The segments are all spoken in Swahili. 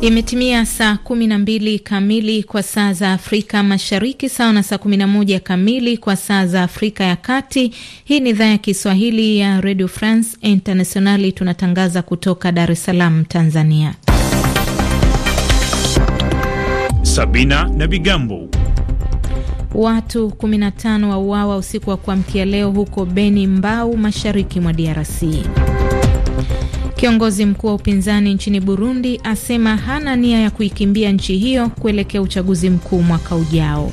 Imetimia saa kumi na mbili kamili kwa saa za Afrika Mashariki, sawa na saa kumi na moja kamili kwa saa za Afrika ya Kati. Hii ni idhaa ya Kiswahili ya Radio France Internationali, tunatangaza kutoka Dar es Salaam, Tanzania. Sabina na Bigambo. Watu 15 wauawa usiku wa kuamkia leo huko Beni Mbau, mashariki mwa DRC. Kiongozi mkuu wa upinzani nchini Burundi asema hana nia ya kuikimbia nchi hiyo kuelekea uchaguzi mkuu mwaka ujao.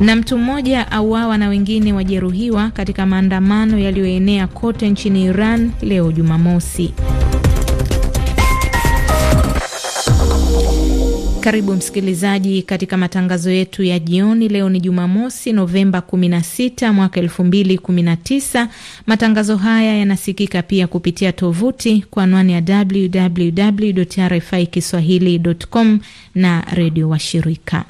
Na mtu mmoja auawa na wengine wajeruhiwa katika maandamano yaliyoenea kote nchini Iran leo Jumamosi. Karibu msikilizaji katika matangazo yetu ya jioni. Leo ni Jumamosi, Novemba 16 mwaka 2019. Matangazo haya yanasikika pia kupitia tovuti kwa anwani ya www rfi kiswahili.com na redio washirika.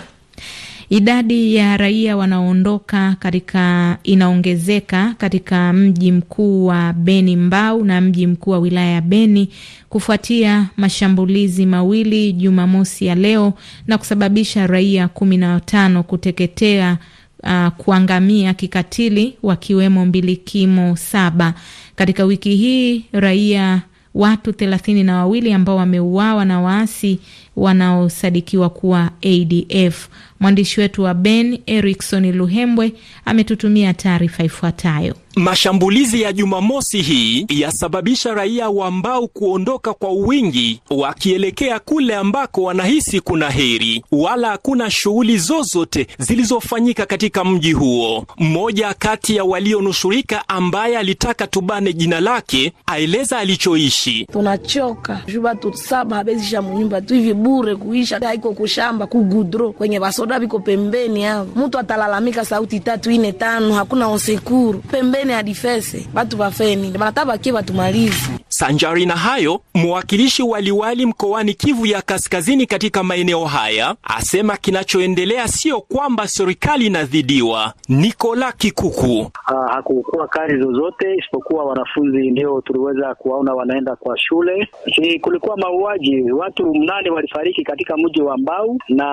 Idadi ya raia wanaoondoka katika inaongezeka katika mji mkuu wa Beni Mbau na mji mkuu wa wilaya ya Beni kufuatia mashambulizi mawili Jumamosi ya leo na kusababisha raia kumi na watano kuteketea Uh, kuangamia kikatili wakiwemo mbilikimo saba. Katika wiki hii raia watu thelathini na wawili ambao wameuawa na waasi wanaosadikiwa kuwa ADF. Mwandishi wetu wa Ben Erikson Luhembwe ametutumia taarifa ifuatayo. Mashambulizi ya Jumamosi hii yasababisha raia wa Mbau kuondoka kwa wingi wakielekea kule ambako wanahisi kuna heri. Wala hakuna shughuli zozote zilizofanyika katika mji huo. Mmoja kati ya walionusurika ambaye alitaka tubane jina lake aeleza alichoishi. Tunachoka juba tusaba habezisha munyumba tu hivi bure kuisha, haiko kushamba kugudro kwenye basoda biko pembeni hapo, mtu atalalamika sauti tatu ine tano, hakuna onsekuru pembeni adifese batu bafeni banatabakie batumalizi. Sanjari na hayo, mwakilishi waliwali mkoani Kivu ya Kaskazini katika maeneo haya asema kinachoendelea sio kwamba serikali inadhidiwa. Nikola Kikuku: ha, hakukuwa kazi zozote isipokuwa wanafunzi ndio tuliweza kuwaona wanaenda kwa shule. Si kulikuwa mauaji, watu mnane wali amefariki katika mji wa Mbau na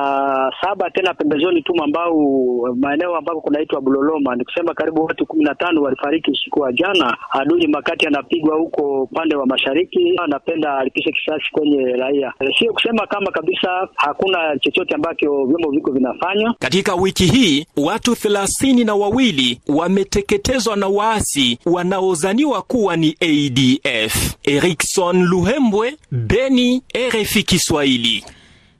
saba tena pembezoni tu Mbau, maeneo ambako kunaitwa Buloloma. Ni kusema karibu watu kumi na tano walifariki usiku wa jana. Adui makati anapigwa huko upande wa mashariki, anapenda alipishe kisasi kwenye raia. Sio kusema kama kabisa hakuna chochote ambacho vyombo viko vinafanya. Katika wiki hii watu thelathini na wawili wameteketezwa na waasi wanaozaniwa kuwa ni ADF. Erikson Luhembwe, Beni, RFI Kiswahili. и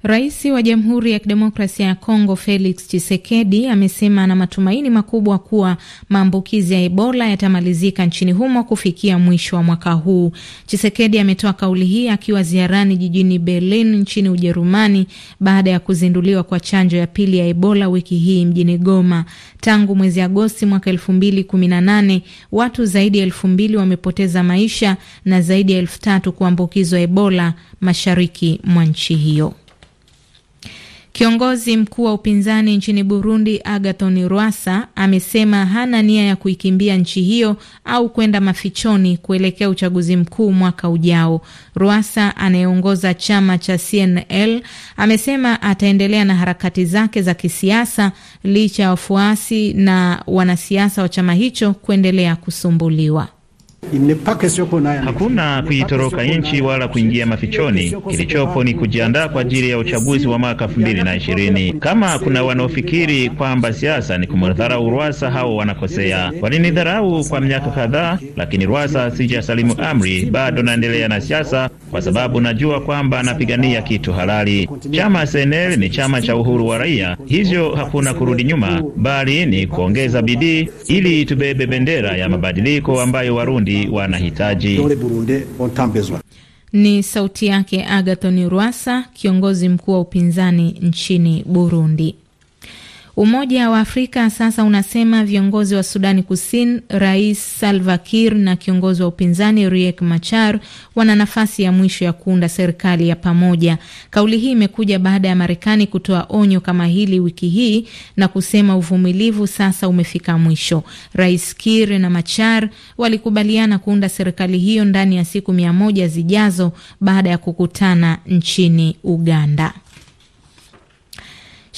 Rais wa Jamhuri ya Kidemokrasia ya Kongo Felix Tshisekedi amesema ana matumaini makubwa kuwa maambukizi ya Ebola yatamalizika nchini humo kufikia mwisho wa mwaka huu. Tshisekedi ametoa kauli hii akiwa ziarani jijini Berlin nchini Ujerumani baada ya kuzinduliwa kwa chanjo ya pili ya Ebola wiki hii mjini Goma. Tangu mwezi Agosti mwaka 218 watu zaidi ya elfu mbili wamepoteza maisha na zaidi ya elfu tatu kuambukizwa Ebola mashariki mwa nchi hiyo. Kiongozi mkuu wa upinzani nchini Burundi, Agathon Rwasa, amesema hana nia ya kuikimbia nchi hiyo au kwenda mafichoni kuelekea uchaguzi mkuu mwaka ujao. Rwasa anayeongoza chama cha CNL amesema ataendelea na harakati zake za kisiasa licha ya wafuasi na wanasiasa wa chama hicho kuendelea kusumbuliwa. Hakuna kuitoroka nchi wala kuingia mafichoni. Kilichopo ni kujiandaa kwa ajili ya uchaguzi wa mwaka elfu mbili na ishirini. Kama kuna wanaofikiri kwamba siasa ni kumdharau Rwasa, hao wanakosea. Walinidharau kwa miaka kadhaa, lakini Rwasa sijasalimu amri, bado naendelea na siasa kwa sababu najua kwamba anapigania kitu halali. Chama cnl ni chama cha uhuru wa raia, hivyo hakuna kurudi nyuma, bali ni kuongeza bidii ili tubebe bendera ya mabadiliko ambayo Warundi Burundi wanahitaji. Ni sauti yake Agathoni Rwasa, kiongozi mkuu wa upinzani nchini Burundi. Umoja wa Afrika sasa unasema viongozi wa Sudani Kusini, Rais Salva Kiir na kiongozi wa upinzani Riek Machar wana nafasi ya mwisho ya kuunda serikali ya pamoja. Kauli hii imekuja baada ya Marekani kutoa onyo kama hili wiki hii na kusema uvumilivu sasa umefika mwisho. Rais Kiir na Machar walikubaliana kuunda serikali hiyo ndani ya siku mia moja zijazo baada ya kukutana nchini Uganda.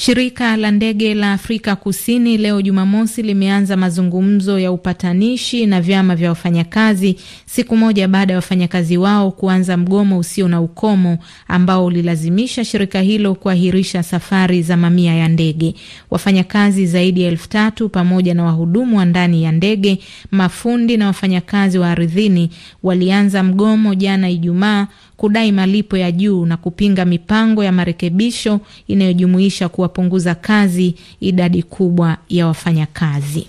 Shirika la ndege la Afrika Kusini leo Jumamosi limeanza mazungumzo ya upatanishi na vyama vya wafanyakazi siku moja baada ya wafanyakazi wao kuanza mgomo usio na ukomo ambao ulilazimisha shirika hilo kuahirisha safari za mamia ya ndege. Wafanyakazi zaidi ya elfu tatu pamoja na wahudumu wa ndani ya ndege, mafundi na wafanyakazi wa ardhini walianza mgomo jana Ijumaa kudai malipo ya juu na kupinga mipango ya marekebisho inayojumuisha kuwapunguza kazi idadi kubwa ya wafanyakazi.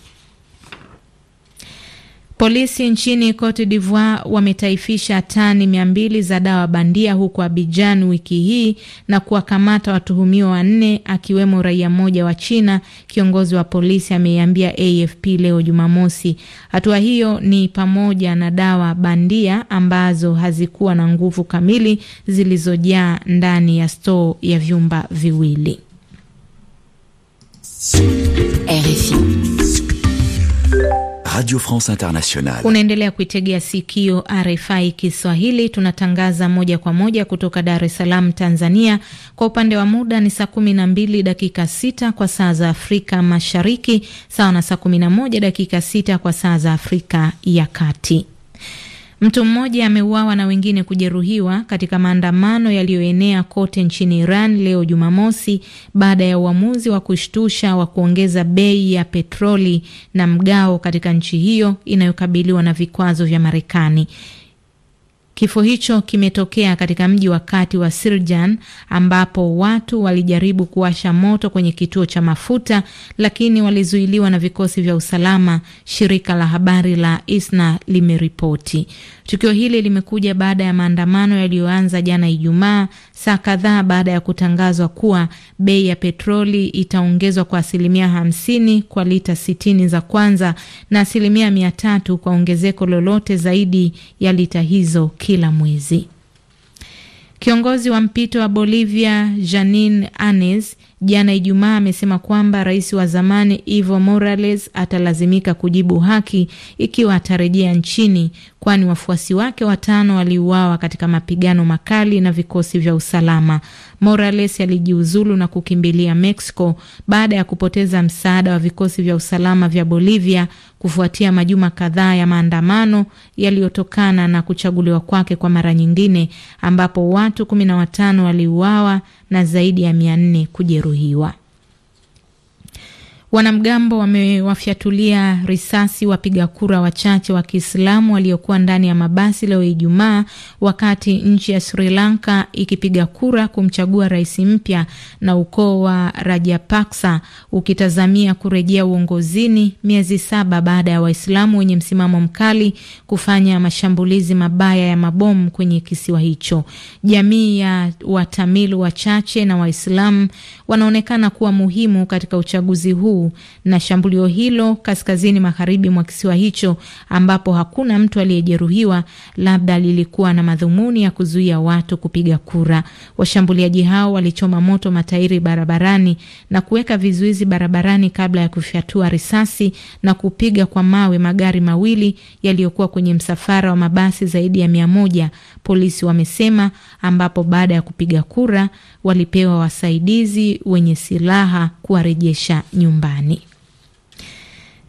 Polisi nchini Cote d'Ivoire wametaifisha tani mia mbili za dawa bandia huko Abidjan wiki hii na kuwakamata watuhumiwa wanne akiwemo raia mmoja wa China, kiongozi wa polisi ameiambia AFP leo Jumamosi. Hatua hiyo ni pamoja na dawa bandia ambazo hazikuwa na nguvu kamili zilizojaa ndani ya stoo ya vyumba viwili. RFI. Radio France Internationale. Unaendelea kuitegea sikio RFI Kiswahili, tunatangaza moja kwa moja kutoka Dar es Salaam, Tanzania. Kwa upande wa muda ni saa 12 dakika sita kwa saa za Afrika Mashariki, sawa na saa 11 dakika 6 kwa saa za Afrika ya Kati. Mtu mmoja ameuawa na wengine kujeruhiwa katika maandamano yaliyoenea kote nchini Iran leo Jumamosi baada ya uamuzi wa kushtusha wa kuongeza bei ya petroli na mgao katika nchi hiyo inayokabiliwa na vikwazo vya Marekani. Kifo hicho kimetokea katika mji wa kati wa Sirjan ambapo watu walijaribu kuwasha moto kwenye kituo cha mafuta lakini walizuiliwa na vikosi vya usalama, shirika la habari la ISNA limeripoti. Tukio hili limekuja baada ya maandamano yaliyoanza jana Ijumaa, saa kadhaa baada ya kutangazwa kuwa bei ya petroli itaongezwa kwa asilimia hamsini kwa lita sitini za kwanza na asilimia mia tatu kwa ongezeko lolote zaidi ya lita hizo kila mwezi. Kiongozi wa mpito wa Bolivia Janin Anes jana Ijumaa amesema kwamba rais wa zamani Evo Morales atalazimika kujibu haki ikiwa atarejea nchini, kwani wafuasi wake watano waliuawa katika mapigano makali na vikosi vya usalama. Morales alijiuzulu na kukimbilia Mexico baada ya kupoteza msaada wa vikosi vya usalama vya Bolivia kufuatia majuma kadhaa ya maandamano yaliyotokana na kuchaguliwa kwake kwa mara nyingine, ambapo watu kumi na watano waliuawa na zaidi ya mia nne kujeruhiwa. Wanamgambo wamewafyatulia risasi wapiga kura wachache wa Kiislamu waliokuwa ndani ya mabasi leo Ijumaa, wakati nchi ya Sri Lanka ikipiga kura kumchagua rais mpya na ukoo wa Rajapaksa ukitazamia kurejea uongozini miezi saba baada ya Waislamu wenye msimamo mkali kufanya mashambulizi mabaya ya mabomu kwenye kisiwa hicho. Jamii ya Watamilu wachache na Waislamu wanaonekana kuwa muhimu katika uchaguzi huu kuu na shambulio hilo kaskazini magharibi mwa kisiwa hicho ambapo hakuna mtu aliyejeruhiwa, labda lilikuwa na madhumuni ya kuzuia watu kupiga kura. Washambuliaji hao walichoma moto matairi barabarani na kuweka vizuizi barabarani kabla ya kufyatua risasi na kupiga kwa mawe magari mawili yaliyokuwa kwenye msafara wa mabasi zaidi ya mia moja, polisi wamesema, ambapo baada ya kupiga kura walipewa wasaidizi wenye silaha kuwarejesha nyumbani.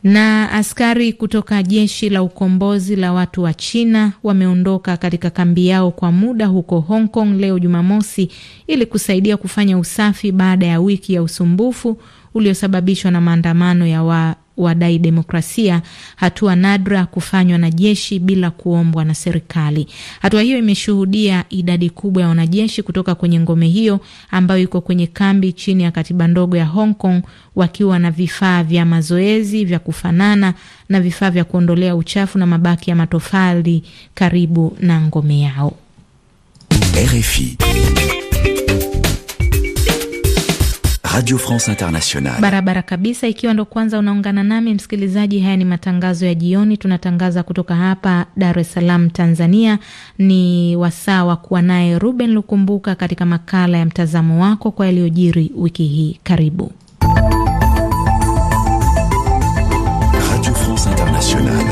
Na askari kutoka jeshi la ukombozi la watu wa China wameondoka katika kambi yao kwa muda huko Hong Kong leo Jumamosi ili kusaidia kufanya usafi baada ya wiki ya usumbufu uliosababishwa na maandamano ya wa wadai demokrasia, hatua nadra kufanywa na jeshi bila kuombwa na serikali. Hatua hiyo imeshuhudia idadi kubwa ya wanajeshi kutoka kwenye ngome hiyo ambayo iko kwenye kambi chini ya katiba ndogo ya Hong Kong, wakiwa na vifaa vya mazoezi vya kufanana na vifaa vya kuondolea uchafu na mabaki ya matofali karibu na ngome yao. RFI. Radio France Internationale, barabara kabisa. Ikiwa ndo kwanza unaungana nami msikilizaji, haya ni matangazo ya jioni, tunatangaza kutoka hapa Dar es Salaam, Tanzania. Ni wasaa wa kuwa naye Ruben Lukumbuka katika makala ya mtazamo wako kwa yaliyojiri wiki hii. Karibu Radio France Internationale.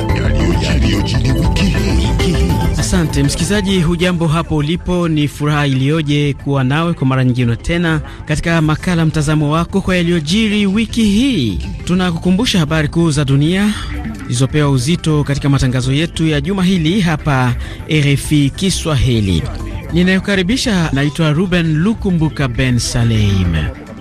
Asante msikilizaji, hujambo hapo ulipo? Ni furaha iliyoje kuwa nawe kwa mara nyingine tena katika makala mtazamo wako kwa yaliyojiri wiki hii. Tunakukumbusha habari kuu za dunia zilizopewa uzito katika matangazo yetu ya juma hili hapa RFI Kiswahili. Ninayokaribisha naitwa Ruben Lukumbuka Ben Saleim.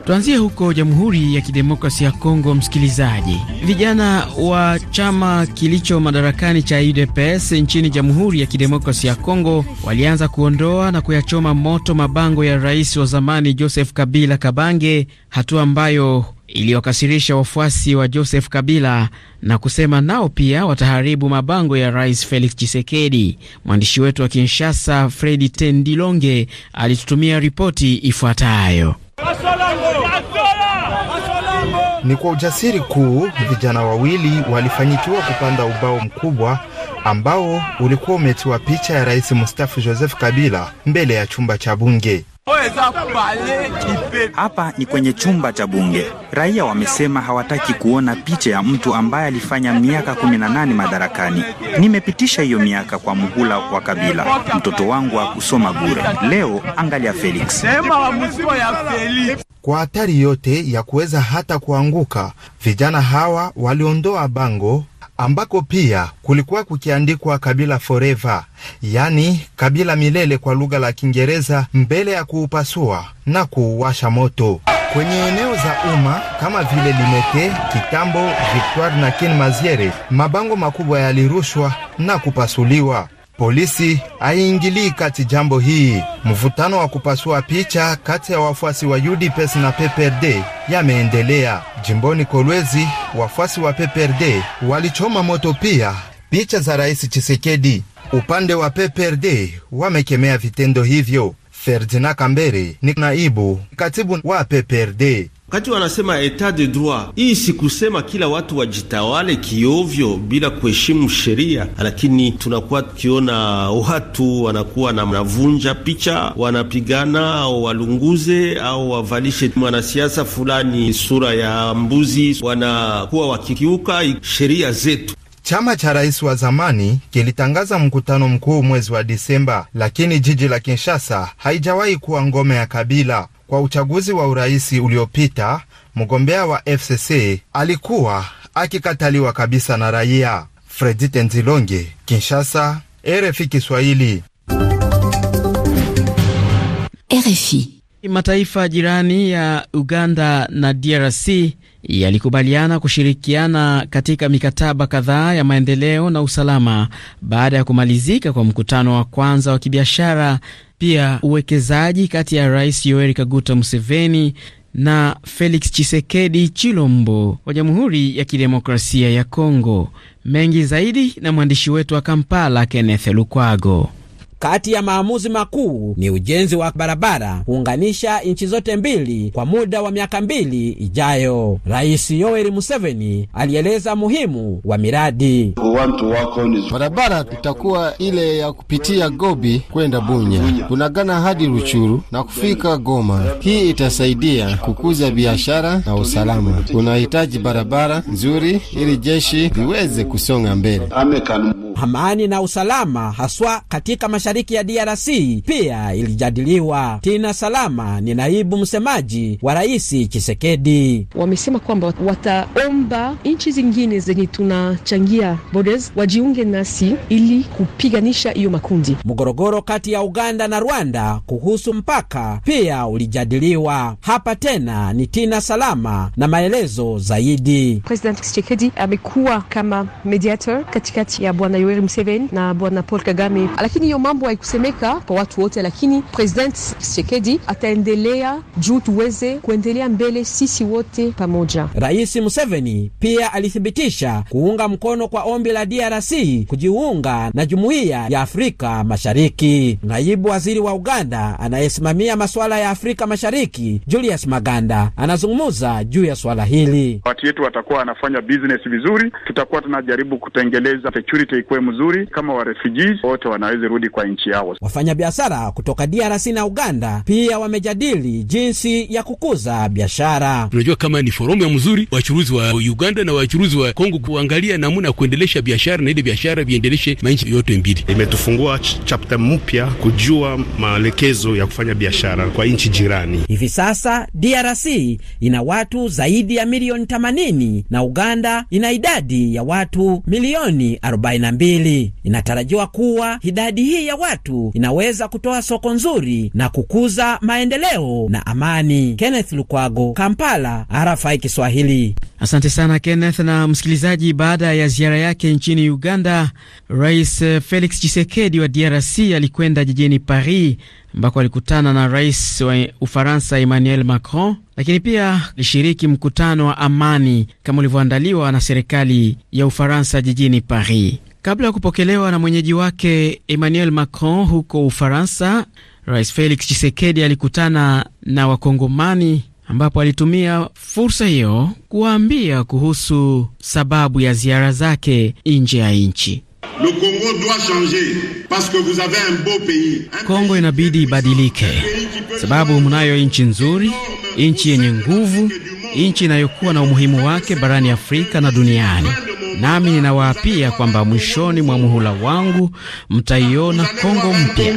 Tuanzie huko Jamhuri ya Kidemokrasia ya Kongo, msikilizaji. Vijana wa chama kilicho madarakani cha UDPS nchini Jamhuri ya Kidemokrasia ya Kongo walianza kuondoa na kuyachoma moto mabango ya rais wa zamani Joseph Kabila Kabange, hatua ambayo iliyokasirisha wafuasi wa Joseph Kabila na kusema nao pia wataharibu mabango ya Rais Felix Tshisekedi. Mwandishi wetu wa Kinshasa Fredi Tendilonge alitutumia ripoti ifuatayo. Ni kwa ujasiri kuu vijana wawili walifanyikiwa kupanda ubao mkubwa ambao ulikuwa umetiwa picha ya Rais mstaafu Joseph Kabila mbele ya chumba cha bunge. Hapa ni kwenye chumba cha bunge. Raia wamesema hawataki kuona picha ya mtu ambaye alifanya miaka 18 madarakani. Nimepitisha hiyo miaka kwa muhula wa Kabila, mtoto wangu akusoma bure. Leo angalia Felix. Kwa hatari yote ya kuweza hata kuanguka, vijana hawa waliondoa bango ambako pia kulikuwa kukiandikwa Kabila Forever, yaani Kabila milele kwa lugha la Kiingereza, mbele ya kuupasua na kuuwasha moto kwenye eneo za umma kama vile Limete, Kitambo, Victoire na Kin Maziere. Mabango makubwa yalirushwa na kupasuliwa polisi haiingilii kati jambo hii. Mvutano wa kupasua picha kati ya wafuasi wa UDPS na PPRD yameendelea jimboni Kolwezi. Wafuasi wa PPRD walichoma moto pia picha za Rais Chisekedi. Upande wa PPRD wamekemea vitendo hivyo. Ferdinand Kambere ni naibu katibu wa PPRD. Wakati wanasema etat de droit, hii si kusema kila watu wajitawale kiovyo bila kuheshimu sheria, lakini tunakuwa tukiona watu wanakuwa na mnavunja picha, wanapigana au walunguze au wavalishe mwanasiasa fulani sura ya mbuzi, wanakuwa wakikiuka sheria zetu. Chama cha rais wa zamani kilitangaza mkutano mkuu mwezi wa Disemba, lakini jiji la Kinshasa haijawahi kuwa ngome ya Kabila. Kwa uchaguzi wa urais uliopita, mgombea wa FCC alikuwa akikataliwa kabisa na raia. Fredi Tenzilonge, Kinshasa, RFI Kiswahili. RFI. Mataifa jirani ya Uganda na DRC yalikubaliana kushirikiana katika mikataba kadhaa ya maendeleo na usalama baada ya kumalizika kwa mkutano wa kwanza wa kibiashara pia uwekezaji kati ya Rais Yoweri Kaguta Museveni na Felix chisekedi Chilombo wa Jamhuri ya Kidemokrasia ya Kongo. Mengi zaidi na mwandishi wetu wa Kampala Kenneth Lukwago. Kati ya maamuzi makuu ni ujenzi wa barabara kuunganisha nchi zote mbili kwa muda wa miaka mbili ijayo. Rais Yoweri Museveni alieleza muhimu wa miradi barabara, tutakuwa ile ya kupitia Gobi kwenda Bunya, kunagana hadi Ruchuru na kufika Goma. Hii itasaidia kukuza biashara na usalama. Tunahitaji barabara nzuri ili jeshi liweze kusonga mbele. Amani na usalama haswa katika mashariki mashariki ya DRC pia ilijadiliwa. Tina Salama ni naibu msemaji wa Rais Chisekedi. Wamesema kwamba wataomba nchi zingine zenye tunachangia borders wajiunge nasi ili kupiganisha hiyo makundi. Mgorogoro kati ya Uganda na Rwanda kuhusu mpaka pia ulijadiliwa. Hapa tena ni Tina Salama na maelezo zaidi. President Chisekedi amekuwa kama mediator katikati ya Bwana Yoweri Museveni na Bwana Paul Kagame, lakini hiyo mambo mambo haikusemeka kwa watu wote, lakini President Tshisekedi ataendelea juu tuweze kuendelea mbele sisi wote pamoja. Rais Museveni pia alithibitisha kuunga mkono kwa ombi la DRC kujiunga na Jumuiya ya Afrika Mashariki. Naibu waziri wa Uganda anayesimamia masuala ya Afrika Mashariki Julius Maganda anazungumza juu ya swala hili. Watu yetu watakuwa wanafanya business vizuri, tutakuwa tunajaribu kutengeleza security ikuwe mzuri, kama wa refugees wote wanaweza rudi kwa nchi yao. Wafanyabiashara kutoka DRC na Uganda pia wamejadili jinsi ya kukuza biashara. Tunajua kama ni forum ya mzuri wachuruzi wa Uganda na wachuruzi wa Kongo kuangalia namna ya kuendelesha biashara na ile biashara viendeleshe manchi yote mbili. Imetufungua ch chapter mpya kujua maelekezo ya kufanya biashara kwa nchi jirani. Hivi sasa DRC ina watu zaidi ya milioni 80 na Uganda ina idadi ya watu milioni 42. Inatarajiwa kuwa idadi hii ya watu inaweza kutoa soko nzuri na kukuza maendeleo na amani. Kenneth Lukwago, Kampala, RFI Kiswahili. Asante sana Kenneth. Na msikilizaji, baada ya ziara yake nchini Uganda, Rais Felix Tshisekedi wa DRC alikwenda jijini Paris ambako alikutana na rais wa Ufaransa Emmanuel Macron, lakini pia alishiriki mkutano wa amani kama ulivyoandaliwa na serikali ya Ufaransa jijini Paris. Kabla ya kupokelewa na mwenyeji wake Emmanuel Macron huko Ufaransa, Rais Felix Tshisekedi alikutana na Wakongomani ambapo alitumia fursa hiyo kuwaambia kuhusu sababu ya ziara zake nje ya nchi. Kongo inabidi ibadilike, sababu mnayo nchi nzuri, nchi yenye nguvu, nchi inayokuwa na umuhimu wake barani Afrika na duniani nami ninawaapia kwamba mwishoni mwa muhula wangu mtaiona Kongo mpya.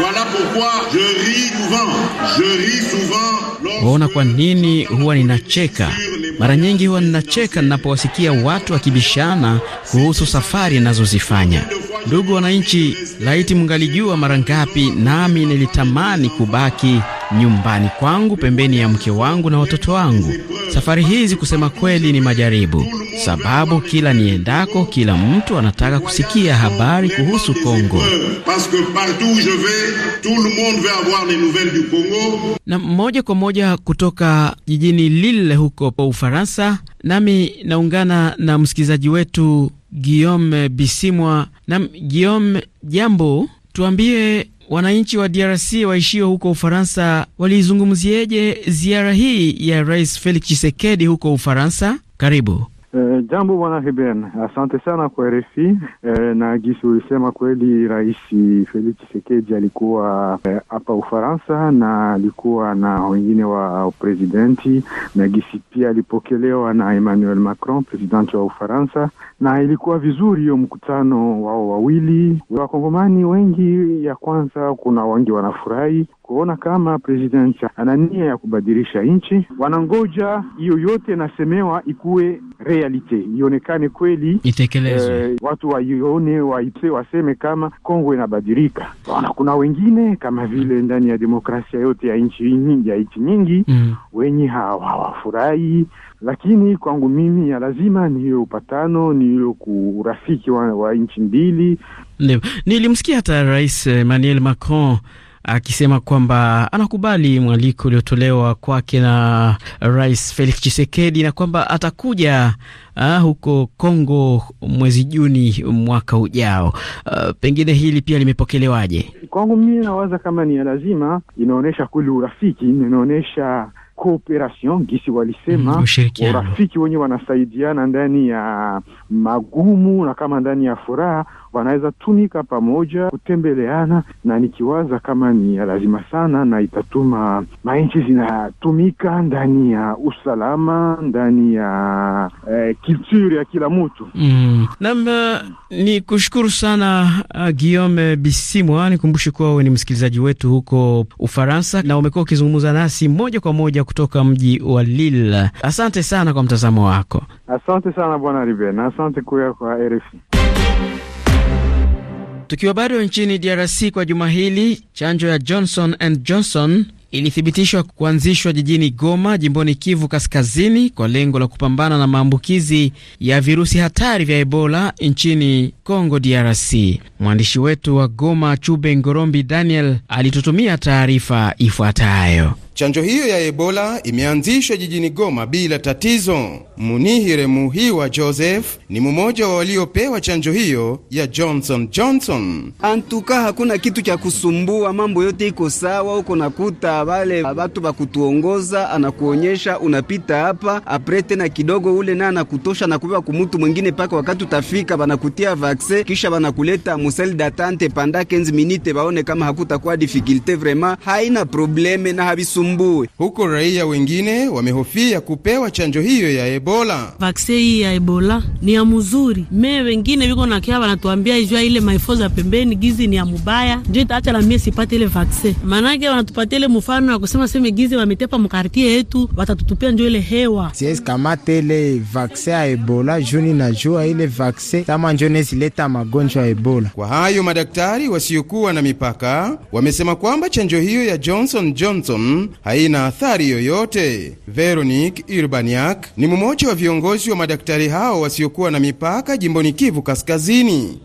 Voilà pourquoi je ris souvent. Je ris souvent. Waona kwa nini huwa ninacheka? Mara nyingi huwa ninacheka ninapowasikia watu wakibishana kuhusu safari ninazozifanya. Ndugu wananchi, laiti mngalijua mara ngapi nami nilitamani kubaki nyumbani kwangu pembeni ya mke wangu na watoto wangu. Safari hizi kusema kweli ni majaribu, sababu kila niendako, kila mtu anataka kusikia habari kuhusu Kongo. Na moja kwa moja kutoka jijini Lille huko pa Ufaransa, nami naungana na msikilizaji wetu Guillaume Bisimwa. Na Guillaume, jambo, tuambie wananchi wa DRC waishio huko Ufaransa waliizungumzieje ziara hii ya Rais Felix Tshisekedi huko Ufaransa? Karibu. Eh, jambo bwana Heben, asante sana kwa RFI. E, eh, na gisi ulisema kweli, Rais Felix Chisekedi alikuwa eh, hapa e, Ufaransa na alikuwa na wengine wa presidenti na gisi pia alipokelewa na Emmanuel Macron, presidenti wa Ufaransa na ilikuwa vizuri hiyo mkutano wao wawili. Wakongomani wengi, ya kwanza, kuna wengi wanafurahi kuona kama president ana nia ya kubadilisha nchi. Wanangoja hiyo yote inasemewa ikuwe realite, ionekane kweli, itekelezwe. Eh, watu waione, waite, waseme kama Kongo inabadilika. Ona, kuna wengine kama vile ndani ya demokrasia yote ya nchi nyingi ya nchi nyingi mm, wenye hawafurahi hawa lakini kwangu mimi ya lazima ni hiyo upatano, ni hiyo urafiki wa, wa nchi mbili. Ndio nilimsikia hata Rais Emmanuel Macron akisema kwamba anakubali mwaliko uliotolewa kwake na Rais Felix Tshisekedi na kwamba atakuja ah, huko Kongo mwezi Juni mwaka ujao. Uh, pengine hili pia limepokelewaje? Kwangu mimi nawaza kama ni ya lazima, inaonyesha kweli urafiki, inaonyesha cooperation gisi walisema, mm, urafiki wenye wanasaidiana ndani ya magumu na kama ndani ya furaha wanaweza tumika pamoja kutembeleana, na nikiwaza kama ni lazima sana, na itatuma manchi zinatumika ndani ya usalama, ndani ya eh, kulture ya kila mtu mm. Nam eh, ni kushukuru sana uh, Guillaume Bisimwa. Nikumbushe kuwa wewe ni msikilizaji wetu huko Ufaransa na umekuwa ukizungumza nasi moja kwa moja kutoka mji wa Lille. Asante sana kwa mtazamo wako. Asante sana bwana Riben, asante kuya kwa RFI. Tukiwa bado nchini DRC kwa juma hili, chanjo ya Johnson and Johnson ilithibitishwa kuanzishwa jijini Goma, jimboni Kivu Kaskazini, kwa lengo la kupambana na maambukizi ya virusi hatari vya Ebola nchini Congo DRC. Mwandishi wetu wa Goma, Chube Ngorombi Daniel, alitutumia taarifa ifuatayo. Chanjo hiyo ya Ebola imeanzishwa jijini Goma bila tatizo. Munihire Muhiwa Joseph ni mmoja wa waliopewa chanjo hiyo ya Johnson Johnson. Antuka hakuna kitu cha kusumbua, mambo yote iko sawa. Uko nakuta wale watu bakutuongoza, anakuonyesha unapita hapa, apre tena kidogo ule naye anakutosha na kubeba kumutu mwingine paka wakati utafika, banakutia vaksin kisha banakuleta musel datante panda 15 minute, baone kama hakutakuwa difikilte. Vrema haina probleme na habisu isisumbue. Huko raia wengine wamehofia kupewa chanjo hiyo ya Ebola. Vaksin hii ya Ebola ni ya mzuri, me wengine viko na kia wanatuambia ijua ile maifo za pembeni gizi ni ya mubaya, ndio itaacha na mie sipate ile vaksin. Maanake wanatupatia ile mfano ya kusema seme gizi wametepa mkartie yetu watatutupia njo ile hewa. Siwezi kamata ile vaksin ya Ebola juni na jua ile vaksin kama njo nezileta magonjwa ya Ebola. Kwa hayo madaktari wasiokuwa na mipaka wamesema kwamba chanjo hiyo ya Johnson Johnson haina athari yoyote. veronik Urbaniak ni mmoja wa viongozi wa madaktari hao wasiokuwa na mipaka jimboni Kivu Kaskazini.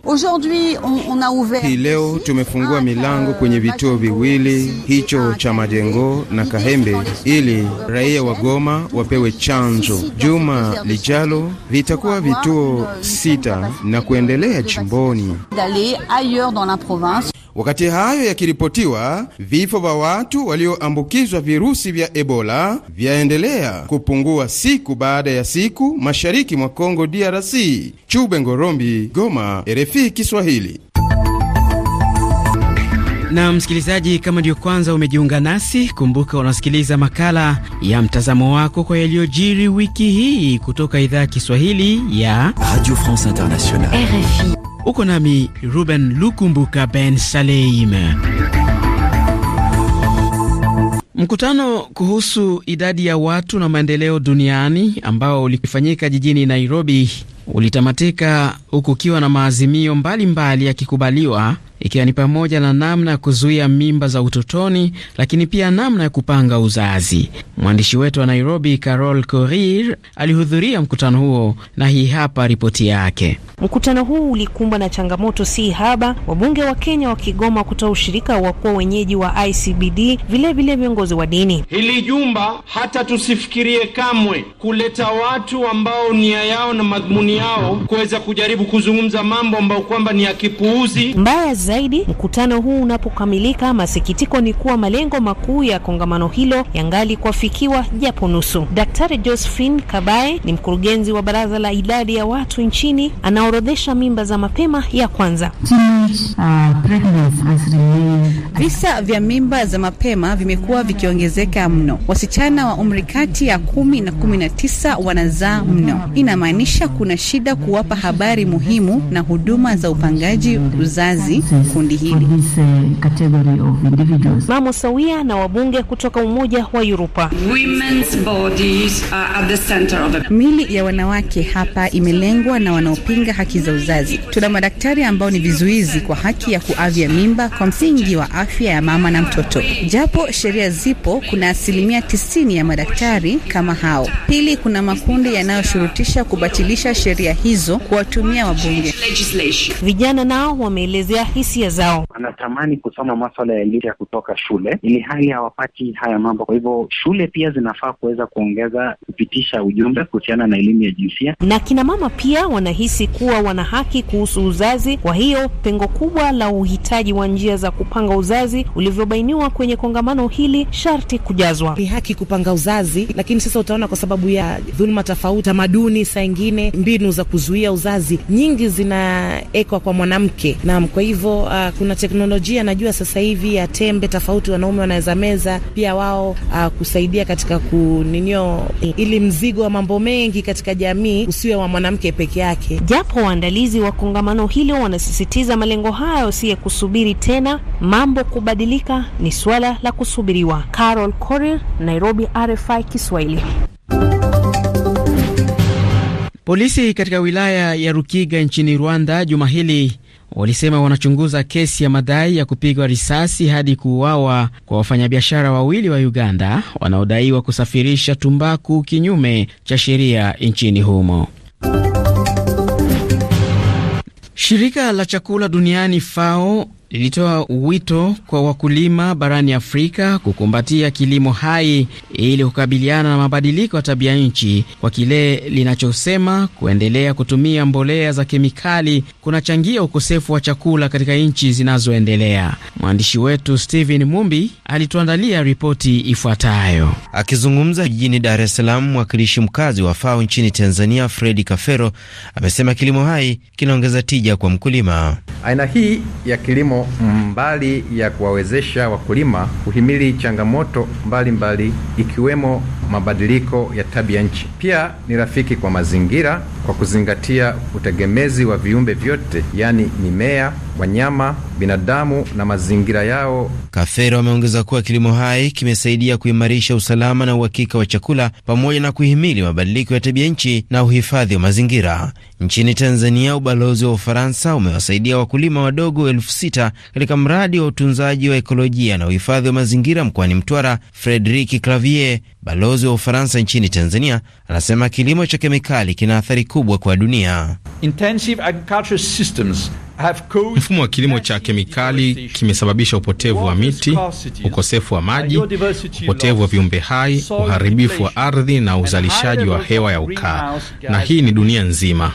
Hii leo tumefungua milango kwenye vituo viwili, hicho cha Majengo na Kahembe, ili raia wa Goma wapewe chanjo. Juma lijalo vitakuwa vituo sita na kuendelea jimboni. Wakati hayo yakiripotiwa, vifo vya watu walioambukizwa virusi vya Ebola vyaendelea kupungua siku baada ya siku mashariki mwa Kongo DRC. Chube Ngorombi, Goma, RFI Kiswahili. Na msikilizaji, kama ndiyo kwanza umejiunga nasi, kumbuka unasikiliza makala ya mtazamo wako kwa yaliyojiri wiki hii kutoka idhaa ya Kiswahili ya Radio France Internationale, RFI. Uko nami Ruben Lukumbuka Ben Saleim. Mkutano kuhusu idadi ya watu na maendeleo duniani ambao ulifanyika jijini Nairobi ulitamatika huku ukiwa na maazimio mbalimbali yakikubaliwa ikiwa ni pamoja na namna ya kuzuia mimba za utotoni, lakini pia namna ya kupanga uzazi. Mwandishi wetu wa Nairobi, Carol Korir, alihudhuria mkutano huo na hii hapa ripoti yake. Mkutano huu ulikumbwa na changamoto si haba, wabunge wa Kenya wakigoma kutoa ushirika wa kuwa wenyeji wa ICBD, vilevile viongozi wa dini. Hili jumba hata tusifikirie kamwe kuleta watu ambao nia yao na madhumuni yao kuweza kujaribu kuzungumza mambo ambayo kwamba ni ya kipuuzi. Mbaya zaidi, mkutano huu unapokamilika, masikitiko ni kuwa malengo makuu ya kongamano hilo yangali kuafikiwa japo nusu. Daktari Josephine Kabae ni mkurugenzi wa baraza la idadi ya watu nchini, anaorodhesha mimba za mapema ya kwanza. Visa vya mimba za mapema vimekuwa vikiongezeka mno. Wasichana wa umri kati ya kumi na kumi na tisa wanazaa mno, inamaanisha kuna shida kuwapa habari muhimu na huduma za upangaji uzazi kundi hili. Uh, Mamo sawia na wabunge kutoka Umoja wa Yuropa. Mili ya wanawake hapa imelengwa na wanaopinga haki za uzazi. Tuna madaktari ambao ni vizuizi kwa haki ya kuavya mimba kwa msingi wa afya ya mama na mtoto. Japo sheria zipo, kuna asilimia tisini ya madaktari kama hao. Pili, kuna makundi yanayoshurutisha kubatilisha sheria sheria hizo kuwatumia wabunge. Vijana nao wameelezea hisia zao anatamani kusoma maswala ya lugha kutoka shule, ili hali hawapati haya mambo. Kwa hivyo shule pia zinafaa kuweza kuongeza kupitisha ujumbe kuhusiana na elimu ya jinsia, na kina mama pia wanahisi kuwa wana haki kuhusu uzazi. Kwa hiyo pengo kubwa la uhitaji wa njia za kupanga uzazi ulivyobainiwa kwenye kongamano hili sharti kujazwa. Ni haki kupanga uzazi, lakini sasa utaona kwa sababu ya dhuluma tofauti, tamaduni, saa ingine mbinu za kuzuia uzazi nyingi zinaekwa kwa mwanamke. Naam, kwa hivyo uh, kuna teknolojia najua sasa hivi ya tembe tofauti wanaume wanaweza meza pia wao uh, kusaidia katika kuninio eh, ili mzigo wa mambo mengi katika jamii usiwe wa mwanamke peke yake. Japo waandalizi wa kongamano hilo wanasisitiza malengo hayo si ya kusubiri tena mambo kubadilika, ni suala la kusubiriwa. Carol Korir, Nairobi, RFI Kiswahili. Polisi katika wilaya ya Rukiga nchini Rwanda juma hili walisema wanachunguza kesi ya madai ya kupigwa risasi hadi kuuawa kwa wafanyabiashara wawili wa Uganda wanaodaiwa kusafirisha tumbaku kinyume cha sheria nchini humo. Shirika la chakula duniani FAO lilitoa wito kwa wakulima barani Afrika kukumbatia kilimo hai ili kukabiliana na mabadiliko ya tabia nchi kwa kile linachosema kuendelea kutumia mbolea za kemikali kunachangia ukosefu wa chakula katika nchi zinazoendelea. Mwandishi wetu stephen Mumbi alituandalia ripoti ifuatayo. Akizungumza jijini Dar es Salaam, mwakilishi mkazi wa FAO nchini Tanzania Fredi Kafero amesema kilimo hai kinaongeza tija kwa mkulima. Aina hii ya kilimo kilimo mbali ya kuwawezesha wakulima kuhimili changamoto mbalimbali mbali, ikiwemo mabadiliko ya tabia nchi. Pia ni rafiki kwa mazingira kwa kuzingatia utegemezi wa viumbe vyote, yaani mimea, wanyama, binadamu na mazingira yao. Kafero ameongeza kuwa kilimo hai kimesaidia kuimarisha usalama na uhakika wa chakula pamoja na kuhimili mabadiliko ya tabia nchi na uhifadhi wa mazingira. Nchini Tanzania, ubalozi wa Ufaransa umewasaidia wakulima wadogo elfu sita katika mradi wa utunzaji wa ekolojia na uhifadhi wa mazingira mkoani Mtwara. Frederic Clavier, balozi wa Ufaransa nchini Tanzania, anasema kilimo cha kemikali kina athari kubwa kwa dunia. Intensive agricultural systems Mfumo wa kilimo cha kemikali kimesababisha upotevu wa miti, ukosefu wa maji, upotevu wa viumbe hai, uharibifu wa ardhi na uzalishaji wa hewa ya ukaa, na hii ni dunia nzima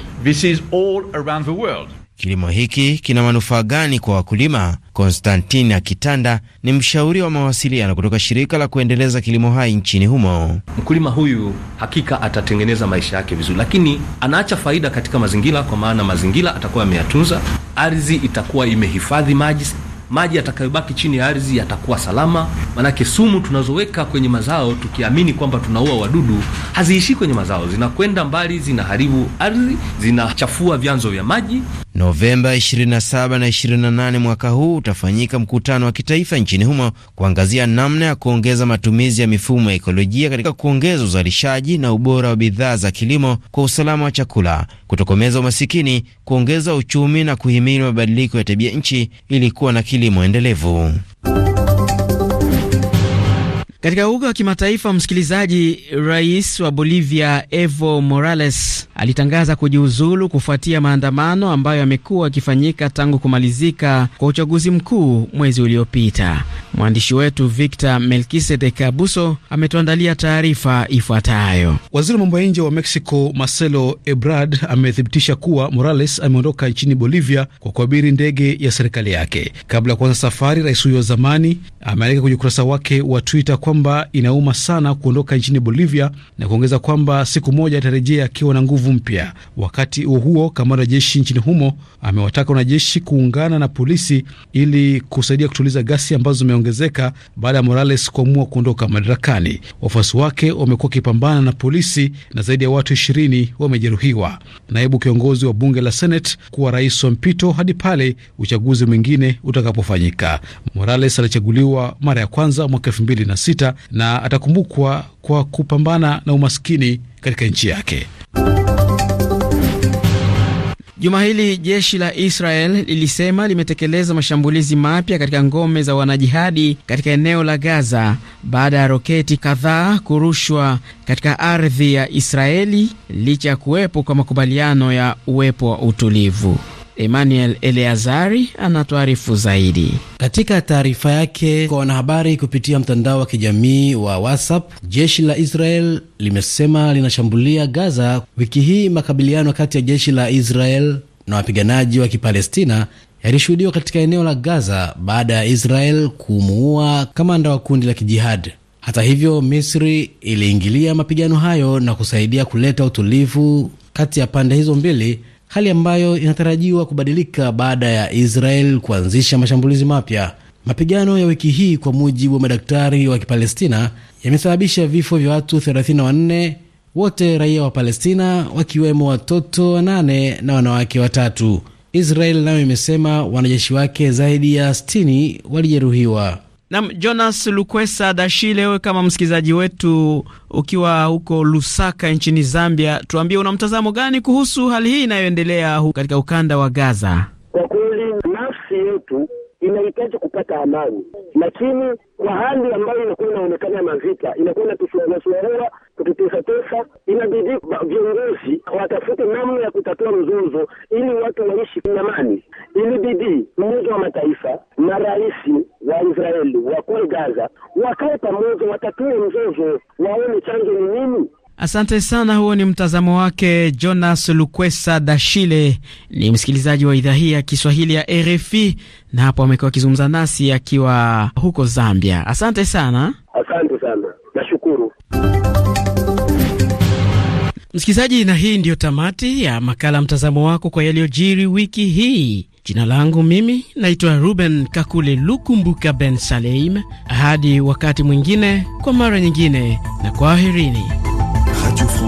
kilimo hiki kina manufaa gani kwa wakulima? Konstantina Kitanda ni mshauri wa mawasiliano kutoka shirika la kuendeleza kilimo hai nchini humo. Mkulima huyu hakika atatengeneza maisha yake vizuri, lakini anaacha faida katika mazingira, kwa maana mazingira atakuwa ameyatunza, ardhi itakuwa imehifadhi maji maji yatakayobaki chini ya ardhi yatakuwa salama, manake sumu tunazoweka kwenye mazao tukiamini kwamba tunaua wadudu haziishi kwenye mazao, zinakwenda mbali, zinaharibu ardhi, zinachafua vyanzo vya maji. Novemba 27 na 28 mwaka huu utafanyika mkutano wa kitaifa nchini humo kuangazia namna ya kuongeza matumizi ya mifumo ya ekolojia katika kuongeza uzalishaji na ubora wa bidhaa za kilimo kwa usalama wa chakula, kutokomeza umasikini, kuongeza uchumi na kuhimili mabadiliko ya tabia nchi ili kuwa na kilimo endelevu. Katika uga wa kimataifa, msikilizaji, rais wa Bolivia Evo Morales alitangaza kujiuzulu kufuatia maandamano ambayo yamekuwa yakifanyika tangu kumalizika kwa uchaguzi mkuu mwezi uliopita. Mwandishi wetu Victor Melkisedek Abuso ametuandalia taarifa ifuatayo. Waziri wa mambo ya nje wa Mexico Marcelo Ebrard amethibitisha kuwa Morales ameondoka nchini Bolivia kwa kuabiri ndege ya serikali yake. Kabla ya kuanza safari, rais huyo wa zamani ameandika kwenye ukurasa wake wa Twitter kwa kwamba inauma sana kuondoka nchini Bolivia na kuongeza kwamba siku moja atarejea akiwa na nguvu mpya. Wakati huo huo, kamanda jeshi nchini humo amewataka wanajeshi kuungana na polisi ili kusaidia kutuliza ghasia ambazo zimeongezeka baada ya Morales kuamua kuondoka madarakani. Wafuasi wake wamekuwa wakipambana na polisi na zaidi ya watu ishirini wamejeruhiwa. Naibu kiongozi wa bunge la Senate kuwa rais wa mpito hadi pale uchaguzi mwingine utakapofanyika. Morales alichaguliwa mara ya kwanza mwaka elfu mbili na sita iliyopita na atakumbukwa kwa kupambana na umaskini katika nchi yake. Juma hili jeshi la Israel lilisema limetekeleza mashambulizi mapya katika ngome za wanajihadi katika eneo la Gaza baada ya roketi kadhaa kurushwa katika ardhi ya Israeli licha ya kuwepo kwa makubaliano ya uwepo wa utulivu. Emmanuel Eleazari anatuarifu zaidi. Katika taarifa yake kwa wanahabari kupitia mtandao wa kijamii wa WhatsApp, jeshi la Israel limesema linashambulia Gaza wiki hii. Makabiliano kati ya jeshi la Israel na wapiganaji wa Kipalestina yalishuhudiwa katika eneo la Gaza baada ya Israel kumuua kamanda wa kundi la kijihadi. Hata hivyo, Misri iliingilia mapigano hayo na kusaidia kuleta utulivu kati ya pande hizo mbili hali ambayo inatarajiwa kubadilika baada ya Israel kuanzisha mashambulizi mapya. Mapigano ya wiki hii kwa mujibu wa madaktari wa Kipalestina yamesababisha vifo vya watu 34 wote raia wa Palestina wakiwemo watoto wanane na wanawake watatu. Israel nayo imesema wanajeshi wake zaidi ya 60 walijeruhiwa. Nam Jonas Lukwesa dashile wewe kama msikilizaji wetu ukiwa huko Lusaka nchini Zambia, tuambie una mtazamo gani kuhusu hali hii inayoendelea katika ukanda wa Gaza? Kwa kweli nafsi yetu inahitaji kupata amani, lakini kwa hali ambayo inakuwa inaonekana ya mavita inakuwa inatusuguasuagua kututesatesa, inabidi viongozi watafute namna ya kutatua mzozo ili watu waishi kwa amani. Ilibidi Umoja wa Mataifa na rais wa Israeli wa Gaza wakae pamoja, watatue mzozo, waone chanzo ni nini. Asante sana. Huo ni mtazamo wake Jonas Lukwesa Dashile, ni msikilizaji wa idhaa hii ya Kiswahili ya RFI, na hapo amekuwa akizungumza nasi akiwa huko Zambia. Asante sana, asante sana, nashukuru msikilizaji. Na hii ndiyo tamati ya makala mtazamo wako kwa yaliyojiri wiki hii. Jina langu mimi naitwa Ruben Kakule Lukumbuka Ben Saleim. Hadi wakati mwingine, kwa mara nyingine, na kwaherini.